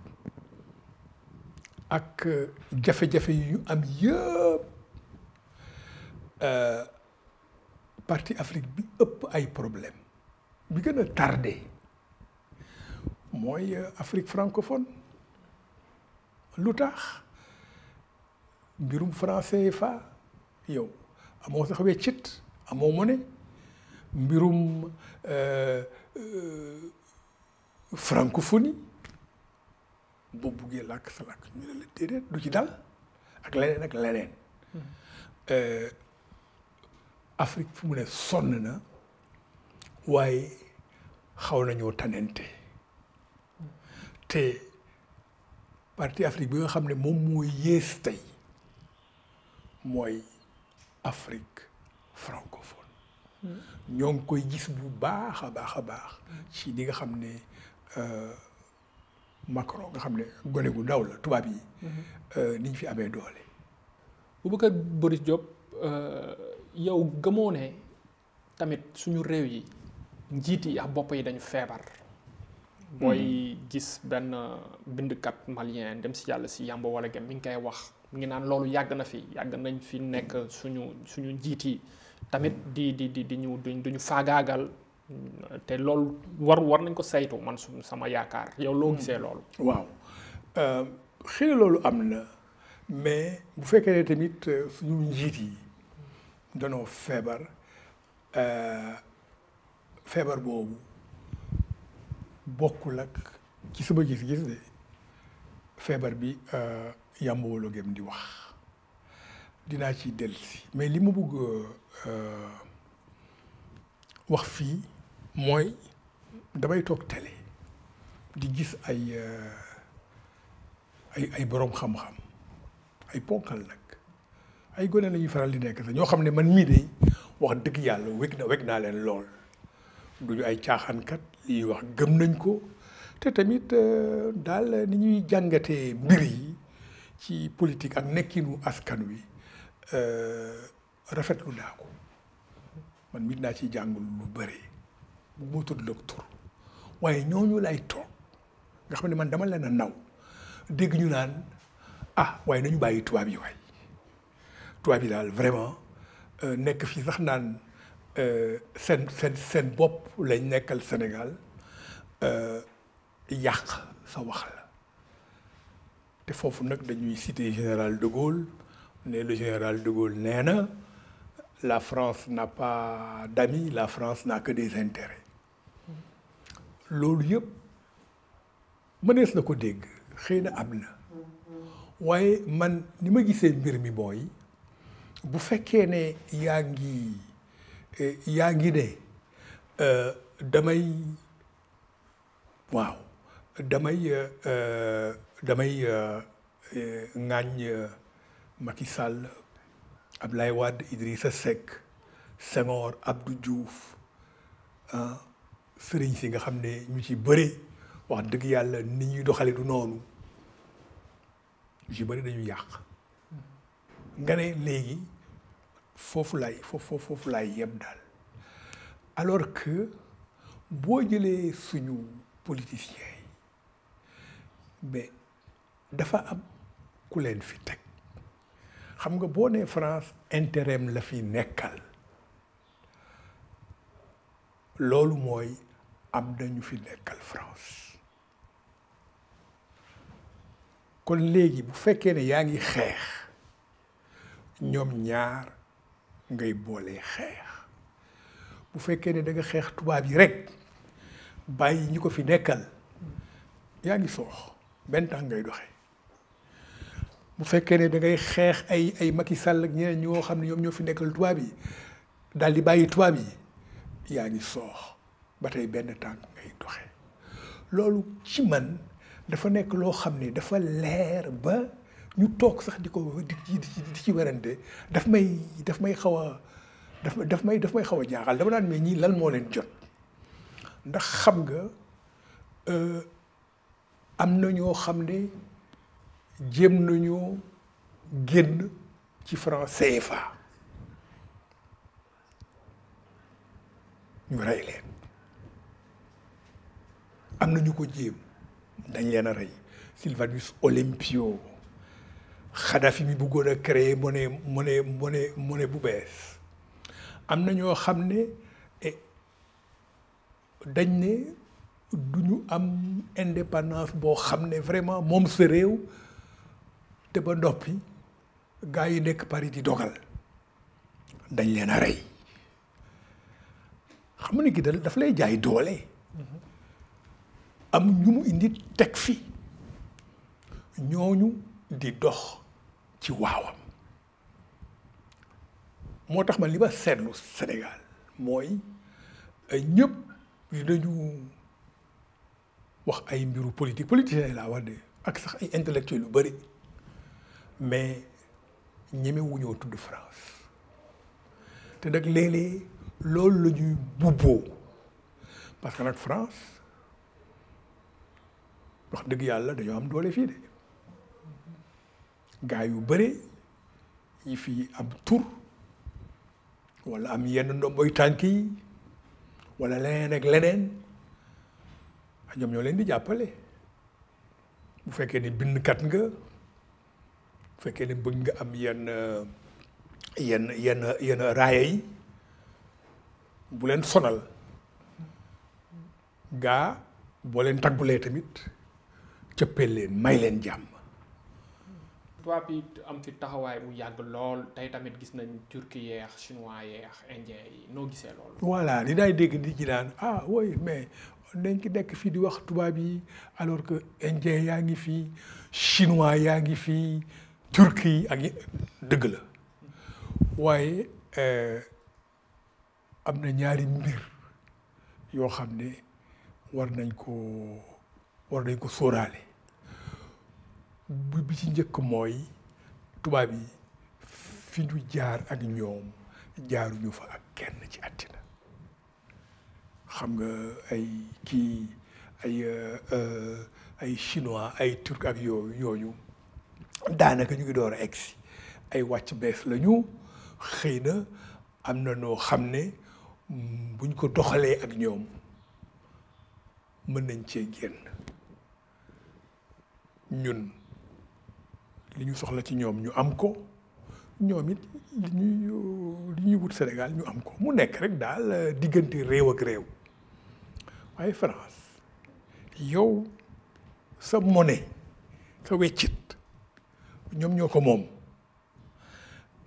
ak euh, jafe-jafe yu ñu am yëpp euh, partie Afrique bi ëpp ay problème bi gën a tardé mooy Afrique francophone lu tax mbirum français fa yow amoo sax weccit amoo monnaie mbirum euh, euh, francophonie boo buggee làkk sa làkk ñu ne la déedéet du ci dal ak leneen ak leneen euh, Afrique fu mu ne sonn na waaye xaw na nañoo tanente te parti Afrique bi nga xam ne moom moo yées tey mooy Afrique francophone ñoo ngi koy gis bu baax a baax a baax ci li nga xam ne euh, Macron nga xam ne gone gu ndaw la tubaab yi. Euh, ni ñu fi amee doole. Boubacar Boris Diop euh, yow gëmoo ne tamit suñu réew yi njiit yi ak bopp yi dañu feebar. booy hmm. gis benn bindkat malien dem si yàlla si Yambo wala gem mi ngi koy wax mu ngi naan loolu yàgg na fi yàgg nañ fi nekk suñu suñu njiit yi. tamit di di di di ñu duñ duñu faagaagal te loolu war war nañ ko saytu man su sama yaakaar yow loo hmm. gisee loolu. waaw euh, xëy na loolu am na mais bu fekkee ne tamit euh, suñu njiit yi danoo feebar euh, feebar boobu bokkul ak ci sama gis-gis de feebar bi yàmbuwul gem di wax dinaa ci dellusi mais li mu bëgg. Euh, wax fii mooy damay toog télé di gis ay euh, ay ay boroom xam-xam ay ponkal nag ay gone la ñuy faral di nekk sax ñoo xam ne man mii de wax dëgg yàlla wég na wég naa leen lool duñu ay caaxaankat li wax gëm nañ ko te tamit euh, daal ni ñuy jàngatee mbir yi ci politique ak nekkinu askan wi. rafetlu naa ko man mit naa ci jàng lu bari bu mu tudd ak tur waaye ñooñu lay toog nga xam ne man dama leen a naw dégg ñu naan ah waaye nañu bàyyi tubaab yi waay tubaab yi daal vraiment euh, nekk fii sax naan euh, seen seen seen bopp lañ nekkal Sénégal euh, yàq sa wax la te foofu nag dañuy citer général de Gaulle ne le général de Gaulle nee na la France n'a pas d'amis la France n'a que des intérêts loolu yëpp mënees na ko dégg xëy na am na waaye man ni ma gisee mbir mi booy bu fekkee ne yaa ngi eh, yaa ngi ne eh, damay waaw damay eh, damay ŋaañ Abdoulaye Wade Idrissa Seck Senghor Abdou Diouf ah sëriñ si nga xam ne ñu ci bëri wax dëgg yàlla ni ñuy doxale du noonu ñu ci bëri dañu yàq nga ne léegi foofu laay foofu foofu laay yem daal alors que boo jëlee suñu politiciens yi mais dafa ab ku leen fi teg xam nga boo nee France intérim la fi nekkal loolu mooy am nañu fi nekkal France kon léegi bu fekkee ne yaa ngi xeex ñoom ñaar ngay boolee xeex bu fekkee ne danga xeex tubaab yi rek bàyyi ñi ko fi nekkal yaa ngi soox benn tànk ngay doxe bu fekkee ne da ngay xeex ay ay Macky Sall ak ñeneen ñoo xam ne ñoom ñoo fi nekkal tubaab yi daal di bàyyi tubaab yi yaa ngi soox ba tey benn tànk ngay doxe loolu ci man dafa nekk loo xam ne dafa leer ba ñu toog sax di ko di ci di ci werante daf may daf may xaw a daf may daf may xaw a jaaxal dama naan mais ñii lan moo leen jot ndax xam nga euh, am na ñoo xam ne. jéem nañoo génn ci franc CFA ñu rey leen am na ñu ko jéem dañ leen a rey Sylvanus Olympio Kadhafi mi bëggoon a créer monnaie monnaie monnaie bu bees am na ñoo xam ne eh, dañ ne du ñu am indépendance boo xam ne vraiment moom sa réew te ba noppi gaa yi nekk Paris di dogal dañ leen a rey xam ne ki dal daf lay jaay doole am ñu mu indi teg fi ñooñu di dox ci waawam moo tax ma li ma seetlu Sénégal mooy ñëpp dañu wax ay mbiru politique politicien laa wax de ak sax ay intellectuel lu bari mais ñeme wuñoo tudd France te nag léegi loolu la ñuy bubboo parce que nag France wax dëgg yàlla dañoo am doole fii de gaa yu bëri yi fii am tur wala am yenn ndomboy tànk yi wala leneen ak leneen ñoom ñoo leen di jàppale bu fekkee ni bindkat nga. fekkee ne bëgg nga am yenn yenn yenn yenn raaya yi bu leen sonal gaa boo leen taggulee tamit cëppee leen may leen jàmm tubaab yi am fi taxawaay bu yàgg lool tey tamit gis nañ turki yeex chinois yeex indien yi noo gisee loolu voilà li daay dégg nit ñi ah oui mais dañ ki nekk fii di wax tubaab yi alors que indien yaa ngi fii chinois yaa ngi fii Turquie ak dëgg la waaye eh, am na ñaari mbir yoo xam ne war nañ ko war nañ ko sóoraale bi ci njëkk mooy tubaab yi fi ñu jaar ak ñoom jaaruñu fa ak kenn ci àddina xam nga ay kii ay eh, eh, ay chinois ay turc ak yooyu ñooñu daanaka ñu ngi door a egsi ay wàcc bees lañu xëy na am na noo xam ne buñ ko doxalee ak ñoom mën nañ cee génn ñun li ñu soxla ci ñoom ñu am ko ñoom it li ñuy wut Sénégal ñu am ko mu nekk rek daal diggante réew ak réew waaye France yow sa monnaie sa weccit ñoom ñoo ko moom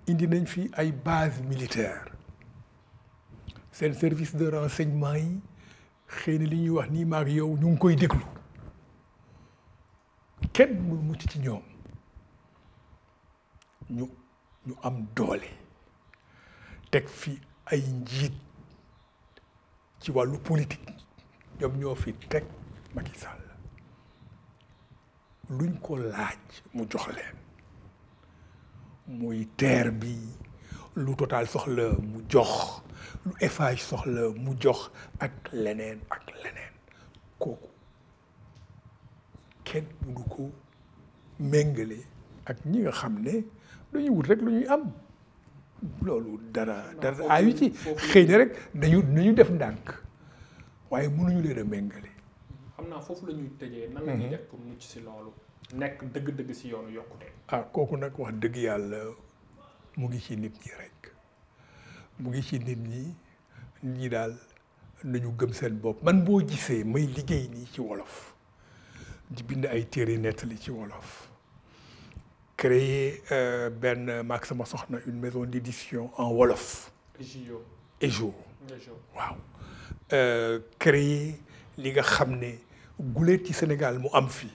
indi nañ fi ay base militaire seen service de renseignement yi xëy na li ñuy wax nii maak yow ñu ngi koy déglu kenn mu mucc ci ñoom ñu ñu am doole teg fi ay njiit ci wàllu politique ñoom ñoo fi teg Macky luñ ko laaj mu jox muy terre bi lu totaal soxla mu jox lu Eiffage soxla mu jox ak leneen ak leneen kooku kenn mënu ko méngale ak ñi nga xam ne dañuy wut rek lu ñuy am loolu dara dara ayu ci xëy na rek dañu nañu def ndànk waaye munuñu leen a méngale. xam naa foofu la ñuy tëjee. nan la mhm. pour si loolu. nekk dëgg-dëgg ci yoonu yokkute. ah kooku nag wax dëgg yàlla mu ngi ci nit ñi rek mu ngi ci nit ñi nit ñi daal nañu gëm seen bopp man boo gisee may liggéey nii ci wolof di bind ay téere nettali ci wolof créer euh, benn maag sama soxna une maison d'édition en wolof. EJO EJO. waaw euh, créer li nga xam ne guleet ci Sénégal mu am fii.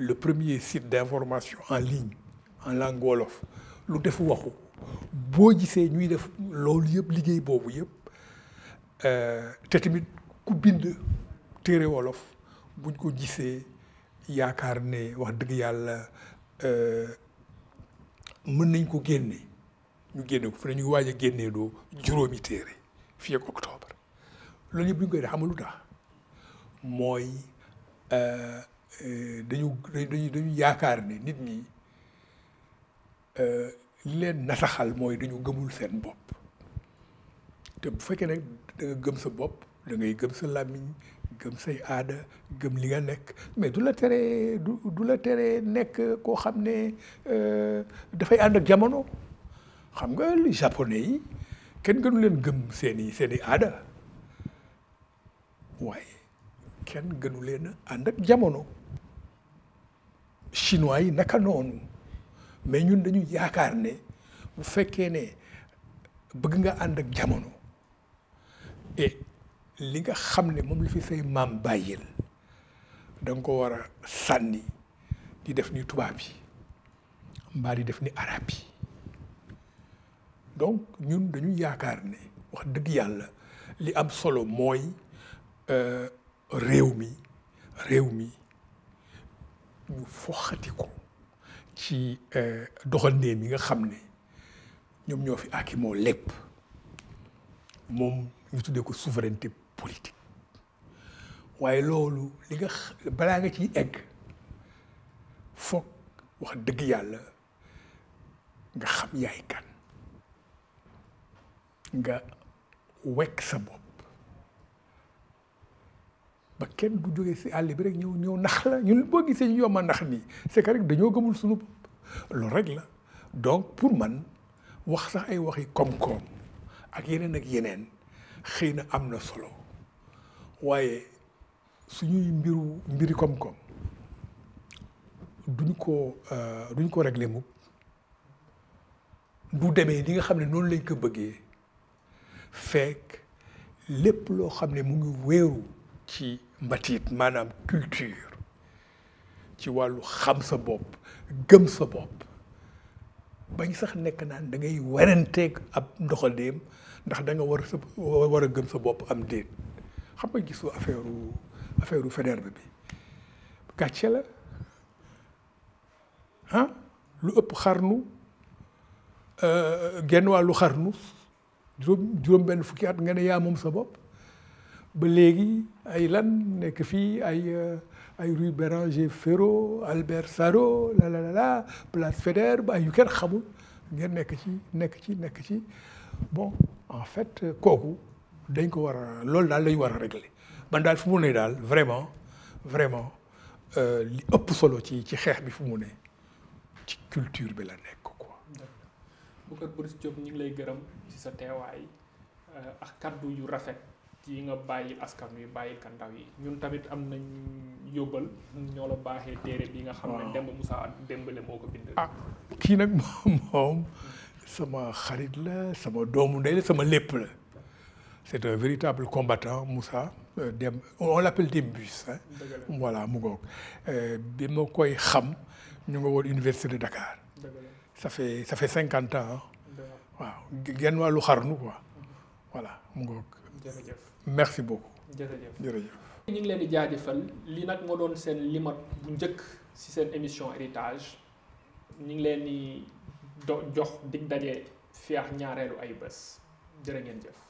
le premier site d'information en ligne en langue wolof lu def waxu boo gisee ñuy def loolu yëpp liggéey boobu yëpp euh, te tamit ku bind téere wolof buñ ko gisee yaakaar ne wax dëgg yàlla euh, mën nañ ko génne ñu génne ko fu ne ñu ngi waaj a génnee doo juróomi téere fii ak octobre loolu yëpp bu ñu koy def xam nga mooy euh, Euh, dañu dañu dañu yaakaar ni nit ñi euh, li leen nataxal mooy dañu gëmul seen bopp te bu fekkee nag da gëm sa bopp da gëm sa làmmiñ gëm say aada gëm li nga nekk mais du la tere du du la tere nekk koo xam ne euh, dafay ànd ak jamono xam nga li yi kenn gënu leen gëm seeni seeni aada waaye kenn gënu leen ànd ak jamono chinois yi naka noonu mais ñun dañu yaakaar ne bu fekkee ne bëgg nga ànd ak jamono et li nga xam ne moom la fi say maam bàyyil danga ko war a sànni di def ni tubaab yi mbaa di def ni arab yi donc ñun dañu yaakaar ne wax dëgg yàlla li am solo mooy euh, réew mi réew mi ñu foxati ko ci euh, doxandéem mi nga xam ne ñoom ñoo fi aki moo lépp moom ñu tuddee ko souveraineté politique waaye loolu li nga balaa nga ciy egg foog wax dëgg yàlla nga xam yaay kan nga wekk sa bopp ba kenn du jógee si àll bi rek ñëw ñëw nax la ñun boo gisee ñu yomb a nax nii c'est que rek dañoo gëmul suñu bopp loolu rek la donc pour man wax sax ay waxi koom-koom ak yeneen ak yeneen xëy na am na solo waaye suñuy mbiru mbiri koom-koom duñ ko euh, duñ ko réglé mukk du demee li nga xam ne noonu lañ ko bëggee fekk lépp loo xam ne mu ngi wéeru ci mbatiit maanaam culture ci wàllu xam sa bopp gëm sa bopp bañ sax nekk naan da ngay weranteeg ab ndoxadeem ndax da nga war sa war a gëm sa bopp am déet xam nga gisu affaire affaire Faidherbe bi gàcce la lu ëpp xarnu euh, genn wàllu xarnu juróom juróom benn fukki at nga ne yaa moom sa bopp ba léegi ay lan nekk fii ay euh, ay Rue Béranger Féraud Albert Sarraut la la la Place Faidherbe ay yu kenn xamul ngeen nekk ci nekk ci nekk ci bon en fait kooku dañ ko war a loolu daal lañu war a régler ban daal fu mu ne daal vraiment vraiment euh, li ëpp solo ci ci xeex bi fu mu ne ci culture bi la nekk quoi. Boucar Boris Diop ñu ngi lay gërëm ci sa teewaay euh, ak kàddu yu rafet. yi nga bàyyi askan wi bàyyi ka yi ñun tamit am nañ yóbbal ñoo la baaxee téere bi nga xam ne Demba Moussa Dembélé moo ko bind ah kii nag moom sama xarit la sama doomu ndey la sama lépp la c'est véritable combattant musa euh, Dem on l'appelle Dembus hein voilà mu ngoog euh, bi ma koy xam ñu nga woon université Dakar ça fait ça fait cinquante ans waaw genn wàllu xarnu quoi mm-hmm. voilà mu ngoog jërëjëf merci beaucoup. jërëjëf jërëjëf. ñu ngi leen di jaajëfal lii nag moo doon seen limat bu njëkk si seen émission héritage ñu ngi leen di do jox dig daje fii ñaareelu ay bés jërë ngeen jëf.